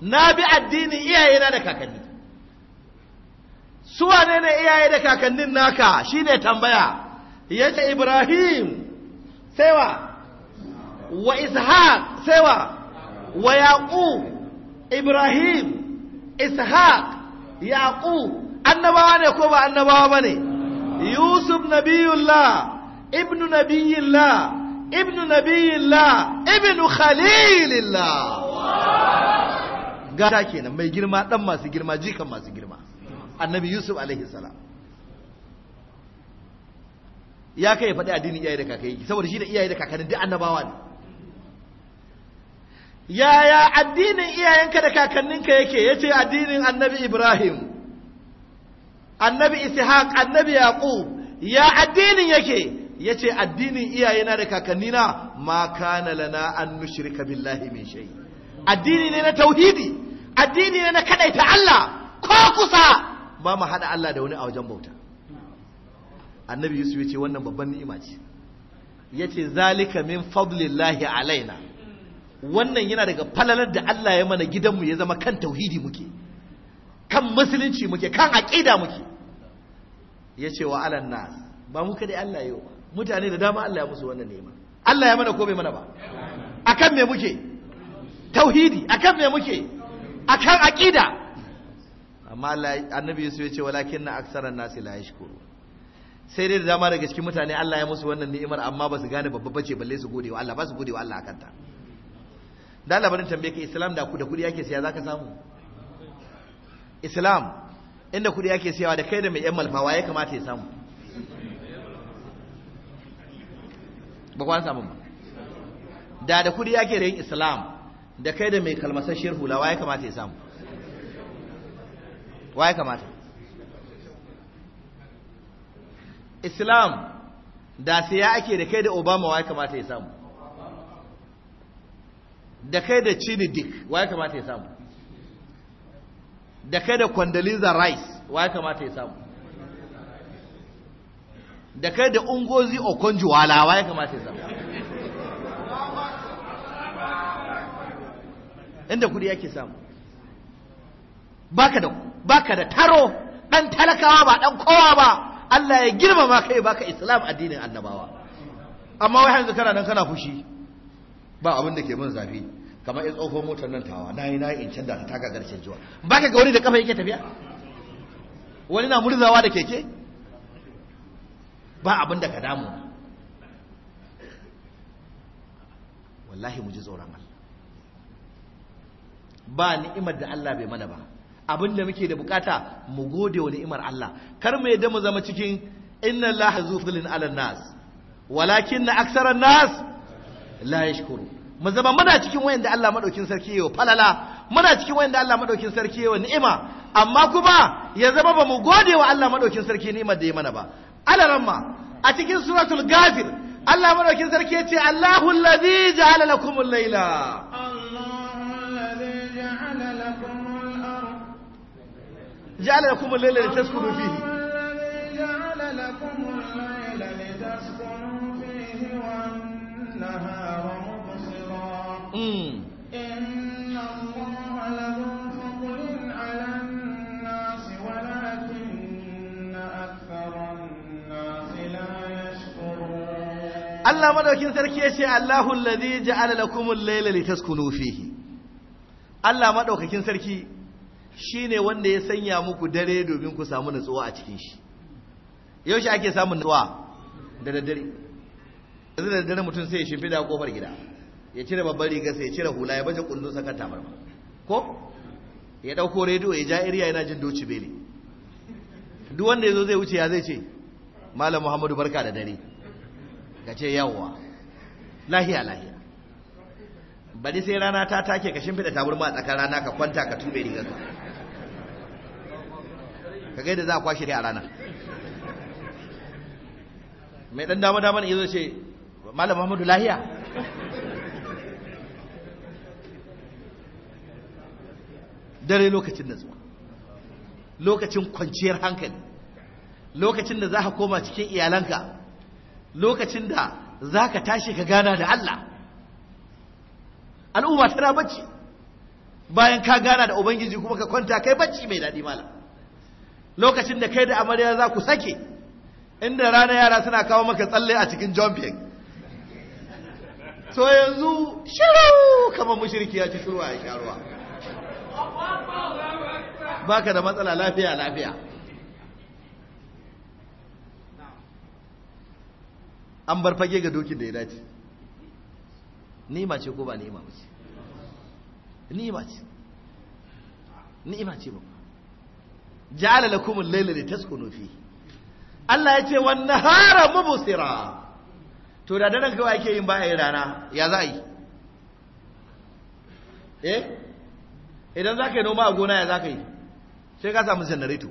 na bi addinin iyaye na da kakanni su wane ne iyaye da kakannin naka shine tambaya yace ibrahim saiwa wa ishaq saiwa wa yaqub ibrahim ishaq yaqub annabawa ne ko ba annabawa ba ne yusuf nabiyullah ibnu nabiyillah ibnu nabiyillah ibnu khalilillah ta kenan mai girma dan masu girma jikan masu girma annabi yusuf alaihi salam ya kai faɗi addinin iyaye da kakai saboda shi da iyaye da kakanni duk annabawa ne yaya addinin iyayenka da kakanninka yake yace addinin annabi ibrahim annabi ishaq annabi yaqub ya addinin yake yace addinin iyaye na da kakannina ma kana lana an nushrika billahi min shay addini ne na tauhidi addini ne na kadaita Allah ko kusa ba mu hada Allah da wani a wajen bauta annabi yusuf yace wannan babban ni'ima ce yace zalika min fadlillahi alaina wannan yana daga falalar da Allah ya mana gidanmu ya zama kan tauhidi muke kan musulunci muke kan aqida muke ya ce wa alan nas ba mu dai Allah yau mutane da dama Allah ya musu wannan nema Allah ya mana ko bai mana ba akan me muke tauhidi akan me muke akan aƙida. amma annabi Yusuf ya ce walakin na aksaran nasi la yashkuru sai dai da dama daga cikin mutane Allah ya musu wannan ni'imar amma ba su gane babba bace balle su gode wa Allah ba su gode wa Allah akan ta da labarin tambaye ka islam da ku da kudi yake siya zaka samu islam inda kudi yake sayawa da kai da mai yan malfawa ya kamata ya samu ba kwan samun ba da da kudi yake da yin islam da kai da mai kalmasar hula wa ya kamata ya samu wa ya kamata islam da siya ake da kai da obama wa ya kamata ya samu da kai da chini dick wa ya kamata ya samu da kai da kwandaliza Rice wa ya kamata ya samu da kai da Ungozi okonjo wala wa ya kamata ya samu inda kudi yake samu baka da baka da taro dan talakawa ba dan kowa ba Allah ya girmama kai baka Islam addinin annabawa amma wai hanzu kana nan kana fushi ba abin da ke mun zafi kamar ya tsoho motar nan tawa na yi na yi in canza ta taka ƙarshen jiwa ba ka ga wani da kafa yake tafiya wani na murzawa da keke ba abin da ka damu wallahi mu ji tsoron Allah ba ni'imar da Allah bai mana ba abin da muke da bukata mu gode wa ni'imar Allah kar mu yadda mu zama cikin inna Allah zu alannas ala nas walakin aktharan nas la yashkuru mu zama muna cikin wayan da Allah madaukin sarki yayi falala muna cikin wayan da Allah madaukin sarki yayi ni'ima amma kuma ya zama ba mu gode wa Allah madaukin sarki ni'imar da ya mana ba alaramma a cikin suratul gafir Allah madaukin sarki ya ce Allahu allazi ja'ala lakumul Laila!" جعل لكم الليل لتسكنوا فيه جعل لكم الليل لتسكنوا فيه والنهار إن الله له فضل على الناس ولكن أكثر الناس لا يشكرون Allah madaukin sarki yace Allahu allazi ja'ala kumun lailali litaskunu fihi Allah madaukakin sarki ne wanda ya sanya muku dare domin ku samu nutsuwa a cikin shi yaushe ake samun nutsuwa da daddare yanzu da daddare mutum sai ya da kofar gida ya cire babbar riga sai ya cire hula ya baje kullun saka tabarma ko ya dauko rediyo ya ja iriya yana jin doci bele duk wanda yazo zai wuce ya zai ce malam muhammadu barka da dare ka ce yawwa lahiya lahiya bari sai rana ta take ka shimfida tabarma a tsakar rana ka kwanta ka tube rigar ka ka ga yadda za a kwashe a rana mai dan dama dama ne yazo ce malam muhammadu lahiya dare lokacin zuwa lokacin kwanciyar hankali lokacin da za ka koma cikin iyalanka lokacin da za ka tashi ka gana da Allah al'umma tana bacci bayan ka gana da ubangiji kuma ka kwanta kai bacci mai daɗi malam lokacin da kai da amarya za ku sake inda rana yara suna kawo maka tsalle a cikin jumping To yanzu shiru kamar mushriki ya ci shiru a sha ruwa baka da matsala lafiya lafiya an bar fage ga dokin da ya dace ni'ima ce ko ba ni'ima ba ce ni'ima ce ni'ima ce ba ja'ala lakum al-layla litaskunu fi Allah ya ce wan nahara mubsira to da daren kawai ake yin ba a yi rana ya za yi eh idan za ka yi noma a gona ya za ka yi sai ka samu janareto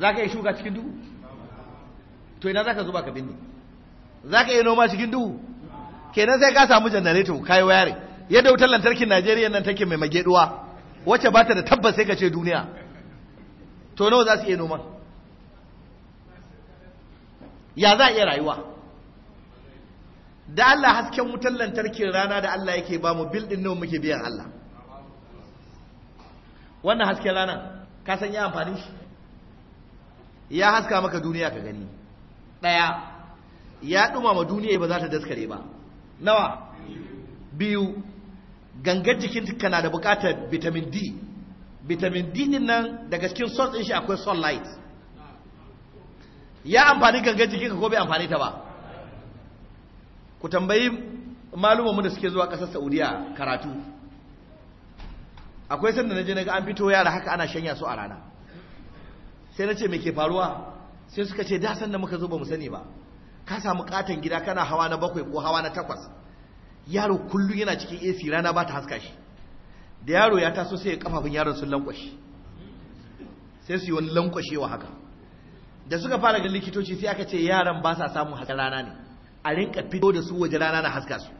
za ka yi shuka cikin duhu to ina za ka zuba ka binne za ka yi noma cikin duhu kenan sai ka samu janareto ka yi wayare yadda wutar lantarkin najeriya nan take mai mageduwa wacce ba ta da tabbas sai ka ce duniya to nawa za su iya noman ya za a iya rayuwa da Allah hasken wutar lantarkin rana da Allah yake ba mu bil din nawa muke biyan Allah wannan hasken rana ka san ya amfani shi ya haska maka duniya ka gani Ɗaya ya ma duniya ba za ta daskare ba nawa biyu gangar jikin kana da buƙatar vitamin D vitamin D din nan daga cikin sun din shi akwai sunlight ya amfani gangar jikin ka ko bai amfani ta ba ku tambayi malumanmu da suke zuwa ƙasar saudiya karatu akwai sanda na je ga an fito yara haka ana shanya su a rana sai na ce mai ke faruwa sai suka ce da sanda muka zo ba mu sani ba ka samu katon gida kana hawa na bakwai ko hawa na takwas yaro kullum yana cikin AC rana ba ta haska shi da yaro ya taso sai ya kafafun yaron sun lankwashi sai su yi wani lankwashewa haka da suka fara ga likitoci sai aka ce yaran ba sa samun haka rana ne a rinka fito da su waje rana na haska su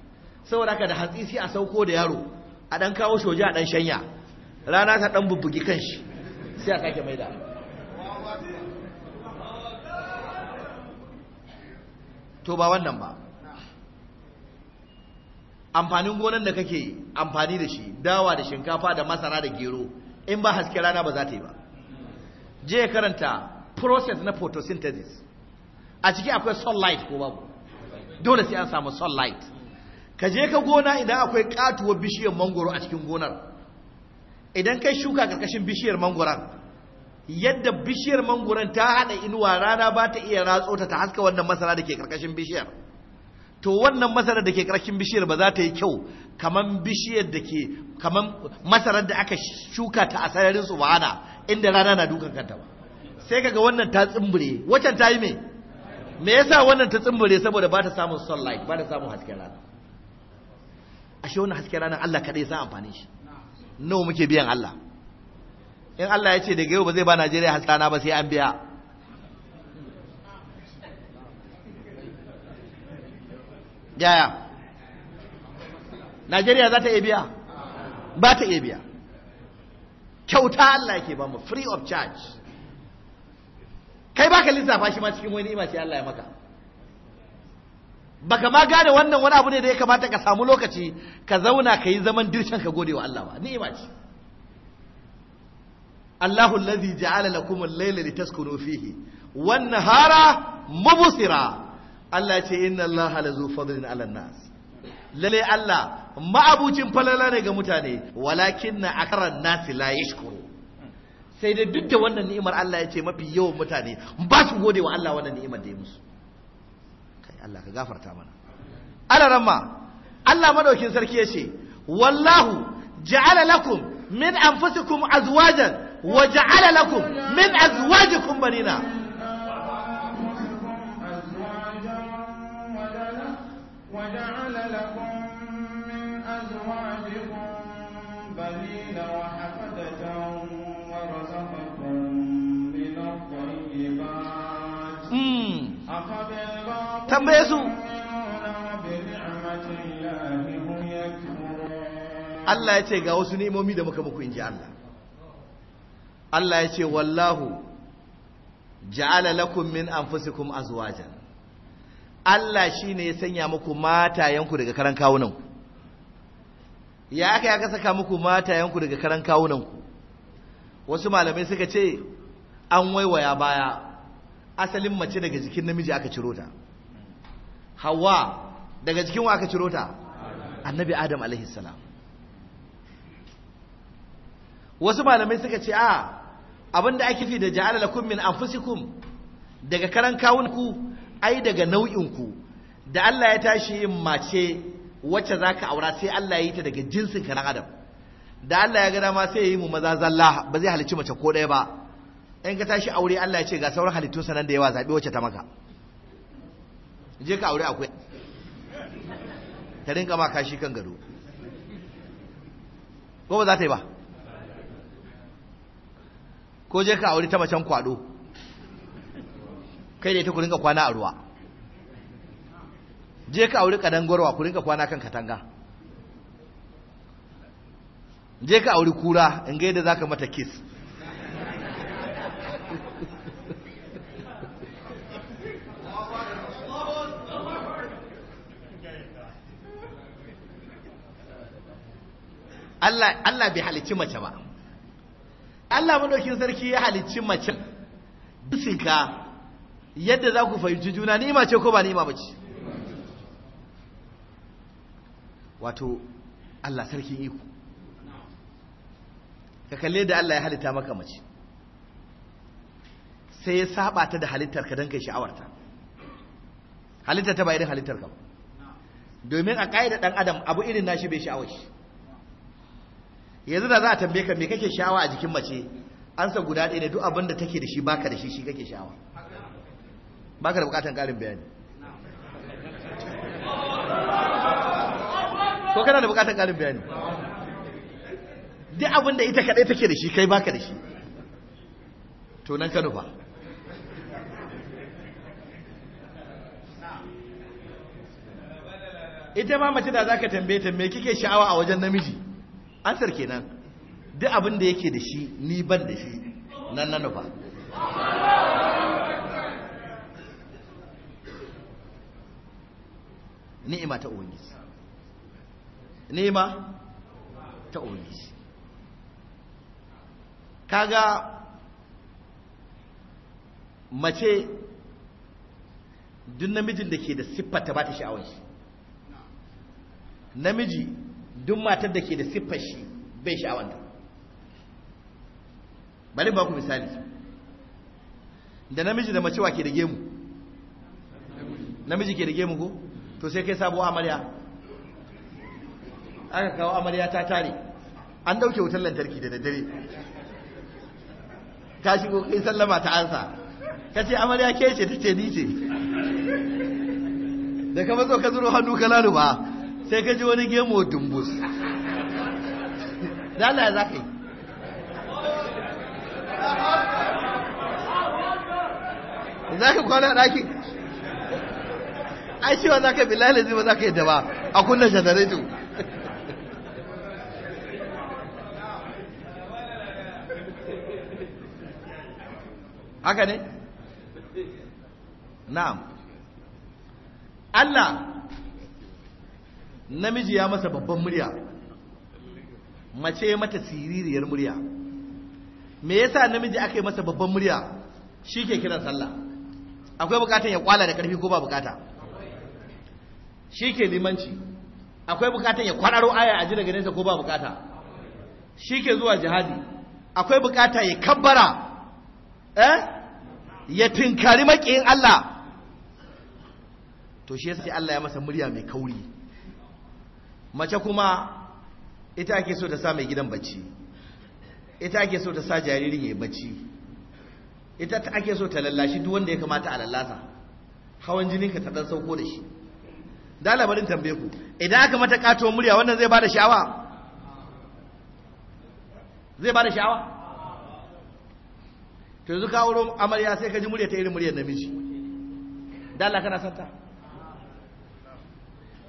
saboda haka da hatsi sai a sauko da yaro a dan kawo shoje a dan shanya rana ta dan bubbugi kanshi sai a sake maida to ba wannan ba amfanin gonan da kake amfani da shi dawa da shinkafa da masara da gero in ba haske rana ba za ta yi ba je karanta process na photosynthesis a ciki akwai sunlight ko babu dole sai an samu sunlight ka je ka gona idan akwai katuwar bishiyar mangoro a cikin gonar idan kai shuka karkashin bishiyar mangoron yadda bishiyar mangoron ta hada inuwa rana ba ta iya ratso ta ta haska wannan masara da ke karkashin bishiyar to wannan masara da ke karkashin bishiyar ba za ta yi kyau kaman bishiyar da ke kaman masarar da aka shuka ta a sararin su inda rana na dukan kanta ba sai kaga wannan ta tsimbire wacan ta yi me me yasa wannan ta tsumbure saboda ba ta samun sunlight ba ta samun hasken rana ashe wannan hasken rana Allah kadai sa amfani shi nawa muke biyan Allah in Allah ya ce daga yau ba zai ba Najeriya rana ba sai an biya yaya Najeriya za ta iya biya ba ta iya biya kyauta Allah yake ba mu free of charge kai baka lissafa shi ma cikin wani ni'ima ce Allah ya maka baka ma gane wannan wani abu ne da ya kamata ka samu lokaci ka zauna ka yi zaman dirshan ka gode wa Allah ba ni'ima ce Allahu allazi ja'ala lakum al-layla litaskunu fihi wan nahara mubsira Allah ce inna Allah lazu fadlin 'ala nas lalle Allah ma'abucin falala ne ga mutane walakinna na akaran nasi la yashkuru sai dai duk da wannan ni'imar Allah ya ce mafi yawan mutane ba su gode wa Allah wannan ni'imar da ya musu kai Allah ka gafarta mana alaran ma Allah madaukin sarki ya ce wallahu ja'ala lakum min anfusikum azwajan wa ja'ala lakum min azwajikum banina وجعل لكم من أزواجكم بنين وحفدة tambaye su Allah ya ce ga wasu ni'imomi da muka muku inji Allah Allah ya ce wallahu ja'ala lakum min anfusikum azwajan Allah shi ne ya sanya muku matayenku daga karan kawunanku ya aka ya saka muku matayenku daga karan kawunanku wasu malamai suka ce an waiwaya baya asalin mace daga jikin namiji aka ciro ta hawa daga jikin wa aka ciro ta annabi adam alaihi salam wasu malamai suka ce a ah, abinda ake fi da ja'ala lakum min anfusikum daga karan kawun ku ai daga nau'in ku da Allah ya tashi yin mace wacce zaka aura sai Allah ya yi ta daga jinsin karan adam da Allah ya ga dama sai ya yi mu maza zalla ba zai halicci mace ko ɗaya ba in ka tashi aure Allah ya ce ga sauran halittu sanan da yawa zabi wacce ta maka je ka aure akwai ta rinka ma kashi kan gado ko ba za ta yi ba ko je ka aure ta macen kwado kai da ita ku rinka kwana a ruwa je ka aure gwarwa ku rinka kwana kan katanga je ka aure kura in ga yadda zaka mata kiss Allah bai halicci mace ba Allah madaukin sarki ya halicci mace bisinka yadda za ku fahimci juna ni ce ko ba ni ba ce wato Allah sarkin iku. ka kalle da Allah ya halitta maka mace sai ya saba ta da halittar ka don kai sha'awarta halittar ta ba irin halittar ka domin a ƙa'idar ɗan adam abu irin nashi bai sha'awar shi yanzu da za a tambaye ka me kake sha'awa a jikin mace an sa guda ɗaya ne duk abin da take da shi baka da shi shi kake sha'awa baka da bukatan ƙarin bayani ko kana da bukatan ƙarin bayani duk abin da ita kaɗai take da shi kai baka da shi to nan ka nufa ita ma mace da za ka tambaye ta me kike sha'awa a wajen namiji ansar kenan duk abin da yake da shi ni ban da shi nan na nufa ni'ima ta ubangiji ni'ima ta ubangiji kaga mace duk namijin da ke da siffata ba ta sha'awar shi namiji duk matar da ke da siffar shi bai sha'awanta bari ba ku misali da namiji da macewa ke da gemu namiji ke da gemu ko to sai kai sabuwa amarya aka kawo amarya ta tare an dauke wutar lantarki da daddare Ta shigo kai sallama ta ansa ka ce amarya ke ce ta ce ni ce da ka mazo ka zuro hannu ka ba. sai ka ji wani gemo dumbus dala za ka yi za ka kwana ɗakin ai cewa za ka bi lalazi ba za ka yi da ba a kunna janareto haka ne na'am Allah namiji ya masa babban murya mace mata siririyar murya me yasa namiji aka yi masa babban murya shi ke kiran sallah akwai bukatan ya kwala da karfi ko ba bukata shi ke limanci akwai bukatan ya kwararo aya a ji daga nesa ko ba bukata shi ke zuwa jihadi akwai bukata ya kabbara eh ya tinkari makiyin Allah to shi yasa Allah ya masa murya mai kauri mace kuma ita ake so ta sa mai gidan bacci ita ake so ta sa jaririn ya yi bacci ita ta ake so ta lallashi duk wanda ya kamata a lallasa hawan jinin ka ta dan sauko da shi da labarin tambaye ku idan aka mata kato murya wannan zai bada sha'awa zai bada sha'awa to yanzu ka amarya sai ka ji murya ta irin muryar namiji da Allah kana santa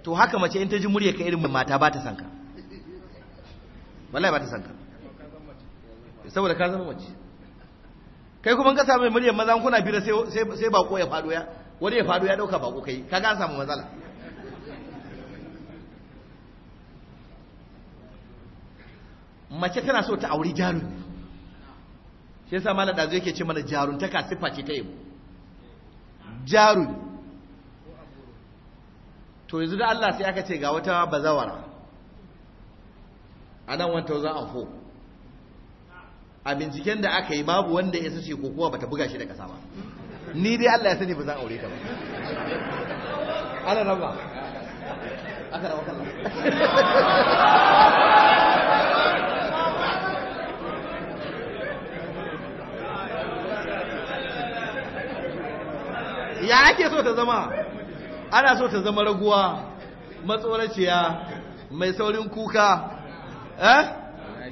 to haka mace in ta ji murya ka irin mata ba ta san ka wallahi ba ta san ka saboda ka zama mace kai kuma ka samu murya maza kuna bira sai sai bako ya fado ya wani ya fado ya dauka bako kai ka ga samu matsala mace tana so ta auri jarun shi yasa malam dazu yake ce mana ta ka siffa ce ta yabo jarun to yanzu da Allah sai aka ce ga wata bazawara a nan za a binciken da aka yi babu wanda ya sace ko kuwa bata buga shi da kasa ba ni dai Allah ya sani ba zan aure ta ba ana raba. aka rawa kallon ya ake so ta zama ana so ta zama raguwa matsoraciya mai saurin kuka eh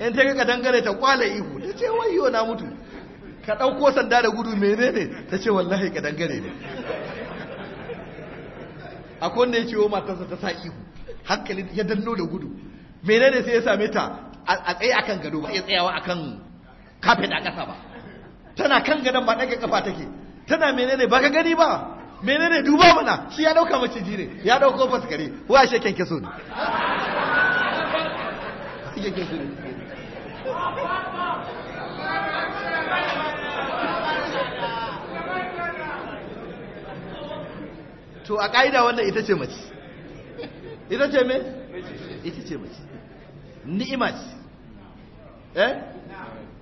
in ta ga dangare ta kwala ihu ta ce wayo na mutu ka ɗauko sanda da gudu menene ta ce wallahi ka dangare ne akwai wanda ya ce matarsa ta sa ihu hankali ya danno da gudu menene sai ya same ta a tsaye akan gado ba ya tsayawa akan kafin a ƙasa ba tana kan gadon ba ɗaga kafa take tana menene ba ka gani ba menene duba mana shi ya dauka maciji ne ya dauko faskare wa shi kyanke so ne to a ƙa'ida wannan ita ce mace ita ce me? ita ce mace ni'ima ce eh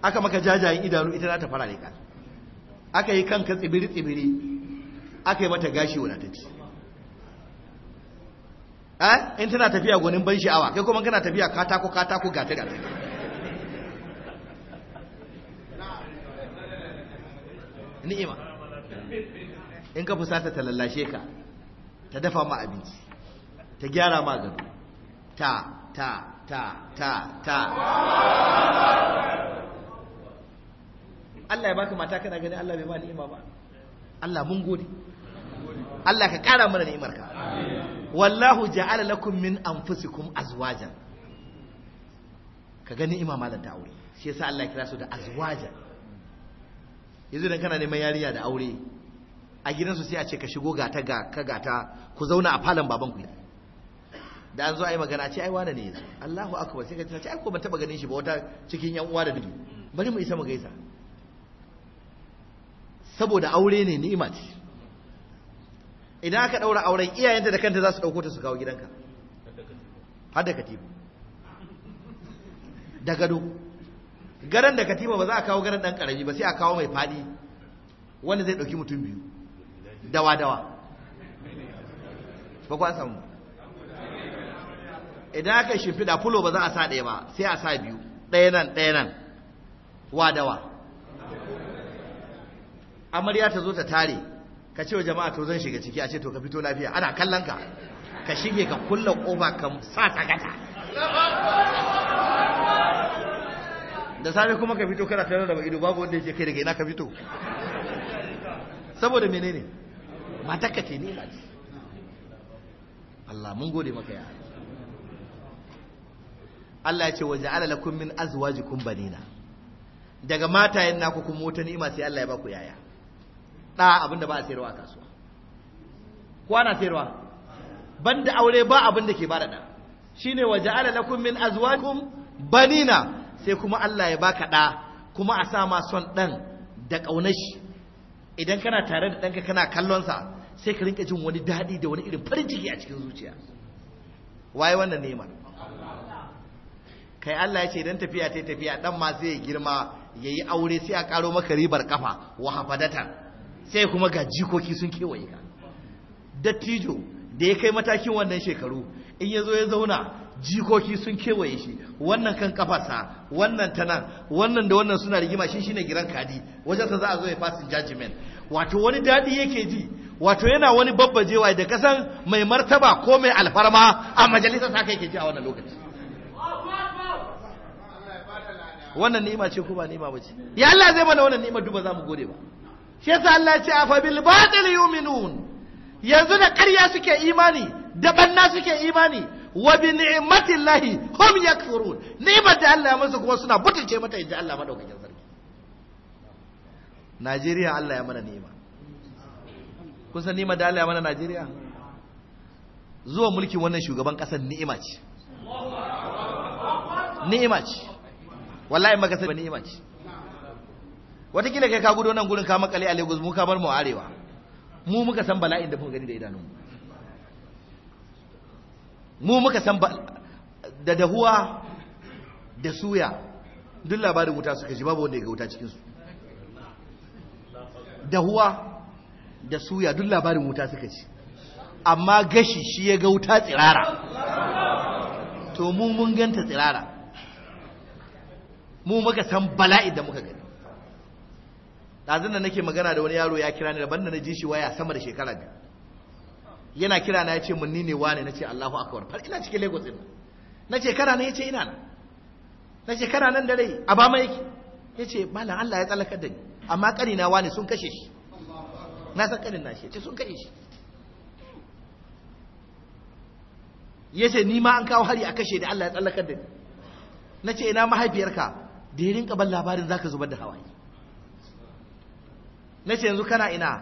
aka maka jajayen idanu ita za ta fara ne aka yi kanka tsibiri-tsibiri aka yi mata gashi wadatacci eh in tana tafiya gwanin ban sha'awa kai kuma kana tafiya katako katako gata gata ni'ima in ka fusata ta lallashe ka ta dafa ma abinci ta gyara ma gado ta ta ta ta ta Allah ya baka mata kana gani Allah bai ba ni'ima ba Allah mun gode Allah ka kara mana ni'imar ka, wallahu ja'ala lakum min anfusikum azwajan ka gani imama da ta aure shi yasa Allah kira su da azwajan yanzu dan kana neman yariya da aure a gidansu sai a ce ka shigo gata ga ka gata ku zauna a falon baban ku da an zo a yi magana ce ai wane ne yanzu Allahu akbar sai ka ce ai ko ban taba ganin shi ba wata cikin yan uwa da dubi bari mu isa mu gaisa saboda aure ne ni'ima ce idan aka daura auren iyayenta da kanta za su dauko ta su kawo gidanka har da katibu da gado garan da katibu ba za a kawo garan dan karami ba sai a kawo mai fadi wanda zai dauki mutum biyu dawa dawa ba ku an samu idan aka shimfiɗa fulo ba za a sa ɗaya ba sai a sa biyu ɗaya nan ɗaya nan wa dawa amarya ta zo ta tare ka ce wa jama'a to zan shiga ciki a ce to ka fito lafiya ana kallon ka ka shige ka kulla kofa ka sa ta gata da safe kuma ka fito kana tare da ido babu wanda yake kai daga ina ka fito saboda menene ka ce ne Allah mun gode maka ya Allah ya ce waje ala lakum min azwajikum banina daga matayen naku kuma wata ni'ima sai Allah ya baku yaya da abin da ba a sayarwa a kasuwa ko ana sayarwa banda aure ba abin da ke ba da shine wa ja'ala lakum min azwajikum banina sai kuma Allah ya baka da kuma a sa ma son dan da kaunar shi idan kana tare da danka kana kallon sa sai ka rinka jin wani dadi da wani irin farin ciki a cikin zuciya waye wannan neman kai Allah ya ce idan tafiya ta tafiya dan ma sai ya girma yayi aure sai a karo maka ribar kafa wa hafadatan sai kuma ga jikoki sun kewaye ka dattijo da ya kai matakin wannan shekaru in ya zo ya zauna jikoki sun kewaye shi wannan kan kafasa wannan ta nan wannan da wannan suna rigima shi shine giran kadi wajen sa za a zo ya fasin judgment wato wani dadi yake ji wato yana wani babbajewa da kasan mai martaba ko mai alfarma a majalisa ta kai ke ji a wannan lokaci wannan ni'ima ce ko ba ni'ima ba ce ya Allah zai mana wannan ni'ima duba za mu gode ba shi yasa Allah ce afa bil batil yu'minun yanzu da ƙarya suke imani da banna suke imani wa bi ni'matillahi hum yakfurun ni'mat da Allah musu kuma suna butulce mata inda Allah madaukakin sarki Najeriya Allah ya mana ni'ima kun san ni'ima da Allah ya mana Najeriya zuwa mulki wannan shugaban kasar ni'ima ce ni'ima ce wallahi maka ni'ima ce watakila kai ka gudo nan gurin ka makale a Lagos mu ka bar mu arewa mu muka san bala'in da muka gani da idanun mu muka san da dahuwa da suya duk labarin wuta suka ji babu wanda ya ga wuta cikin su dahuwa da suya duk labarin wuta suka ji amma gashi shi ya ga wuta tsirara to mu mun ganta tsirara mu muka san bala'in da muka gani ɗazun da nake magana da wani yaro ya kira ni daban da na ji shi waya sama da shekara biyu yana kira na ya ce mun ni ne wane na ce Allahu akbar har ina cikin Lagos ɗin na ce kana ne ya ce ina na ce kana nan da rai a ba mai ya ce malam Allah ya tsallakar da ni amma ƙari na wane sun kashe shi na san ƙarin na shi ya ce sun kashe shi ya ce ni ma an kawo hari a kashe da Allah ya tsallakar da ni na ce ina mahaifiyarka da ya rinka ban labarin zaka zubar da hawaye na ce yanzu kana ina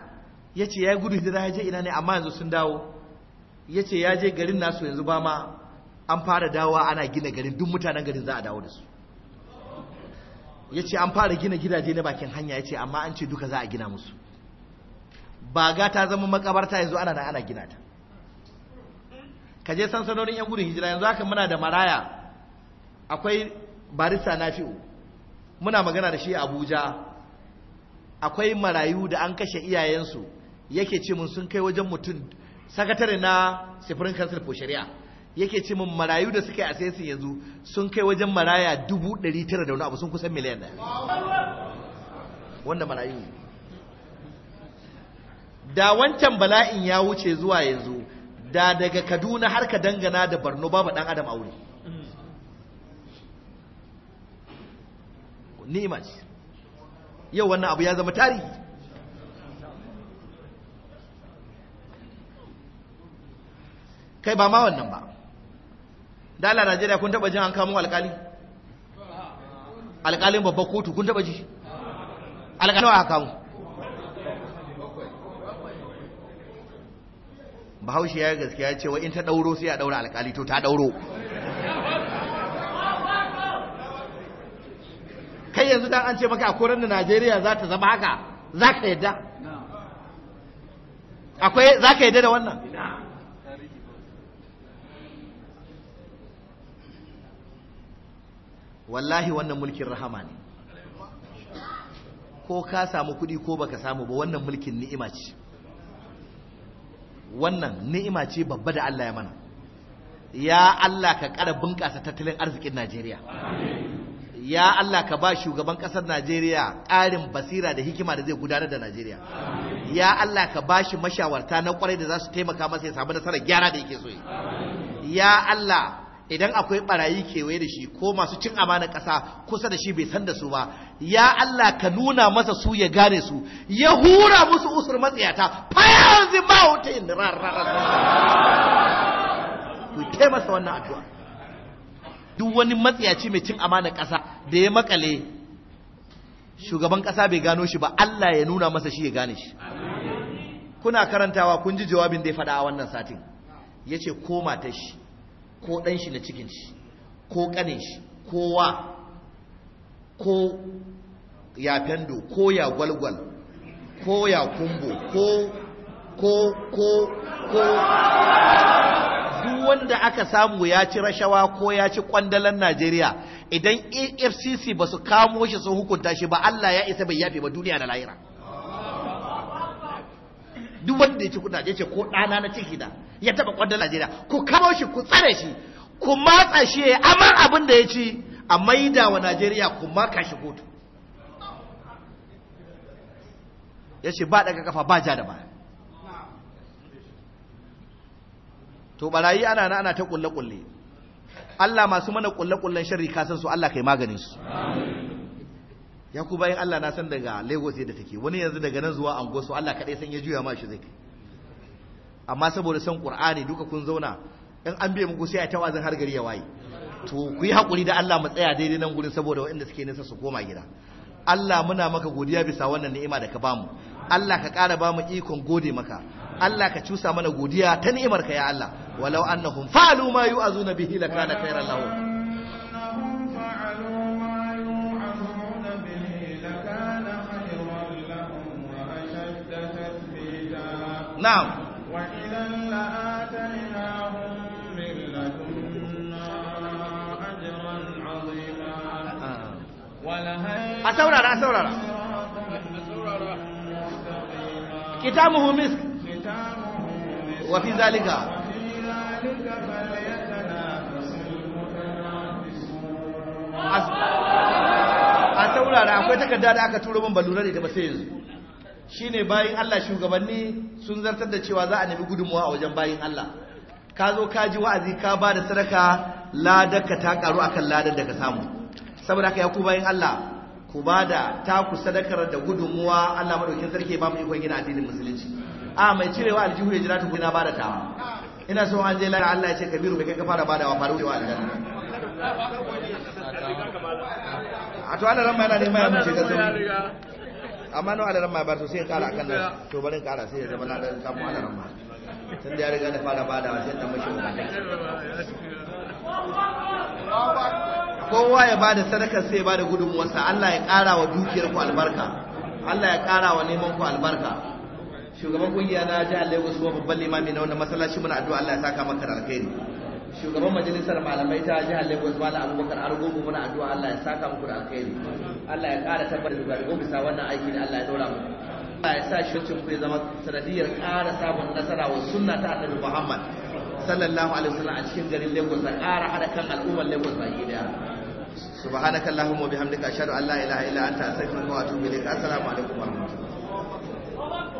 ya ce ya gudu hijira ya je ina ne amma yanzu sun dawo ya ce ya je garin nasu yanzu ba ma an fara dawa ana gina garin duk mutanen garin za a dawo da su ya ce an fara gina gidaje na bakin hanya ya ce amma an ce duka za a gina musu ba ga ta zama makabarta yanzu ana na ana gina ta kaje sansanonin yan gudun hijira yanzu haka muna da maraya akwai barista nafi'u muna magana da shi a abuja akwai marayu da an kashe iyayensu yake ce mun sun kai wajen mutum sakatare na sifirin kansar ko shari'a yake ce mun marayu da suka yi asesin yanzu sun kai wajen maraya dubu ɗari tara da wani abu sun kusan miliyan ɗaya wanda marayu da wancan bala'in ya wuce zuwa yanzu da daga kaduna har ka dangana da barno babu ɗan adam aure ni'ima ce yau wannan abu ya zama tarihi kai ba ma wannan ba dala najeriya kun taba jin an kamo alkali alkalin babbar kotu kun taba ji alkalin wa kamo bahaushe ya gaskiya cewa in ta dauro sai a daura alkali to ta dauro yanzu da an ce maka a koran da Najeriya za ta zama haka za ka yadda akwai za ka yadda da wannan wallahi wannan mulkin rahama ne ko ka samu kuɗi ko baka samu ba wannan mulkin ni'ima ce wannan ni'ima ce babba da Allah ya mana ya Allah ka ƙara bunƙasa tattalin arzikin Najeriya ya Allah ka ba shugaban ƙasar Najeriya ƙarin basira da hikima da zai gudanar da Najeriya ya Allah ka ba shi mashawarta na kwarai da za su taimaka masa ya samu nasarar gyara da yake so ya Allah idan akwai barayi kewaye da shi ko masu cin amana ƙasa kusa da shi bai san da su ba ya Allah ka nuna masa su ya gane su ya hura musu usur matsiyata fire on the mountain rarrarrar ku taimasa wannan addu'a duk wani matsiyaci mai cin amana ƙasa da ya makale shugaban ƙasa bai gano shi ba Allah ya nuna masa shi ya gane shi kuna karantawa kun ji jawabin da ya faɗa a wannan satin ya ce ko matar shi ko ɗan shi na cikin shi ko ƙanin shi ko wa ko ya fendo ko ya gwalgwal ko ya kumbo ko ko ko ko duk wanda aka samu ya ci rashawa ko ya ci kwandalan Najeriya idan AFCC e ba su kamo shi sun hukunta shi ba Allah ya isa bai yafe ba duniya da lahira duk wanda ya ci kudaje ce ko ɗana na ciki da ya taba kwandalan Najeriya ku kamo shi ku tsare shi ku matsa shi ya amar abin da ya ci a maida wa Najeriya ku maka shi kotu ya ce ba daga kafa ba ja da baya to barayi ana na ana ta kulle kulle Allah masu mana kulle kullen sharri ka san su Allah kai maganin su ya ku bayan Allah na san daga Lagos da take wani yanzu daga nan zuwa Ango so Allah kadai san ya juya ma shi zai kai amma saboda san Qur'ani duka kun zauna in an biye muku sai a tawazin har gari ya waye to ku yi hakuri da Allah mu tsaya daidai nan gurin saboda waɗanda suke nisa su koma gida Allah muna maka godiya bisa wannan ni'ima da ka bamu Allah ka ƙara bamu ikon gode maka Allah ka cusa mana godiya ta ni'imar ka ya Allah walau annahum fa'alu ma yu'azuna bihi lakana khairan lahum نعم وإذا لآتيناهم من لدنا أجرا عظيما ولهيئنا أسورة أسورة ختامه مسك وفي ذلك a saurara akwai takarda da aka turo min ba da ba sai yanzu shine bayin Allah shugabanni sun zartar da cewa za a nemi gudunmuwa a wajen bayin Allah ka zo ka ji wa'azi ka ba da sadaka ladarka ta karu akan ladar da ka samu saboda haka ya ku bayin Allah ku ba da taku sadakar da gudunmuwa Allah madaukin sarki ba mu ikon gina addinin musulunci a mai cirewa aljihu ya jira ta na ba da tawa ina so an je lahira Allah ya ce kabiru bai kai ka fara badawa faru da wani a to ala ramma yana neman ya mace da sauri amma no ala ramma bar to sai kara akan nan to barin kara sai ya zama na ɗan kamu ala ramma tun da ya riga da fara badawa sai da mashi kowa ya bada sadakar sai ya bada gudunmuwarsa Allah ya kara wa dukiyar ku albarka Allah ya kara wa neman ku albarka shugaban kungiya na jihar Lagos kuma babban limami na wannan masallaci muna addu'a Allah ya saka maka da alkhairi shugaban majalisar malamai ta jihar Lagos malam Abubakar Argungu muna addu'a Allah ya saka muku da alkhairi Allah ya ƙara tabbatar da ku bisa wannan aiki da Allah ya daura muku Allah ya sa shirkin ku ya zama sanadiyar ƙara samun nasara wa sunna ta Annabi Muhammad sallallahu alaihi wasallam a cikin garin Lagos da ƙara hada kan al'ummar Lagos baki daya سبحانك اللهم وبحمدك أشهد أن لا إله إلا أنت أستغفرك وأتوب إليك السلام عليكم ورحمة الله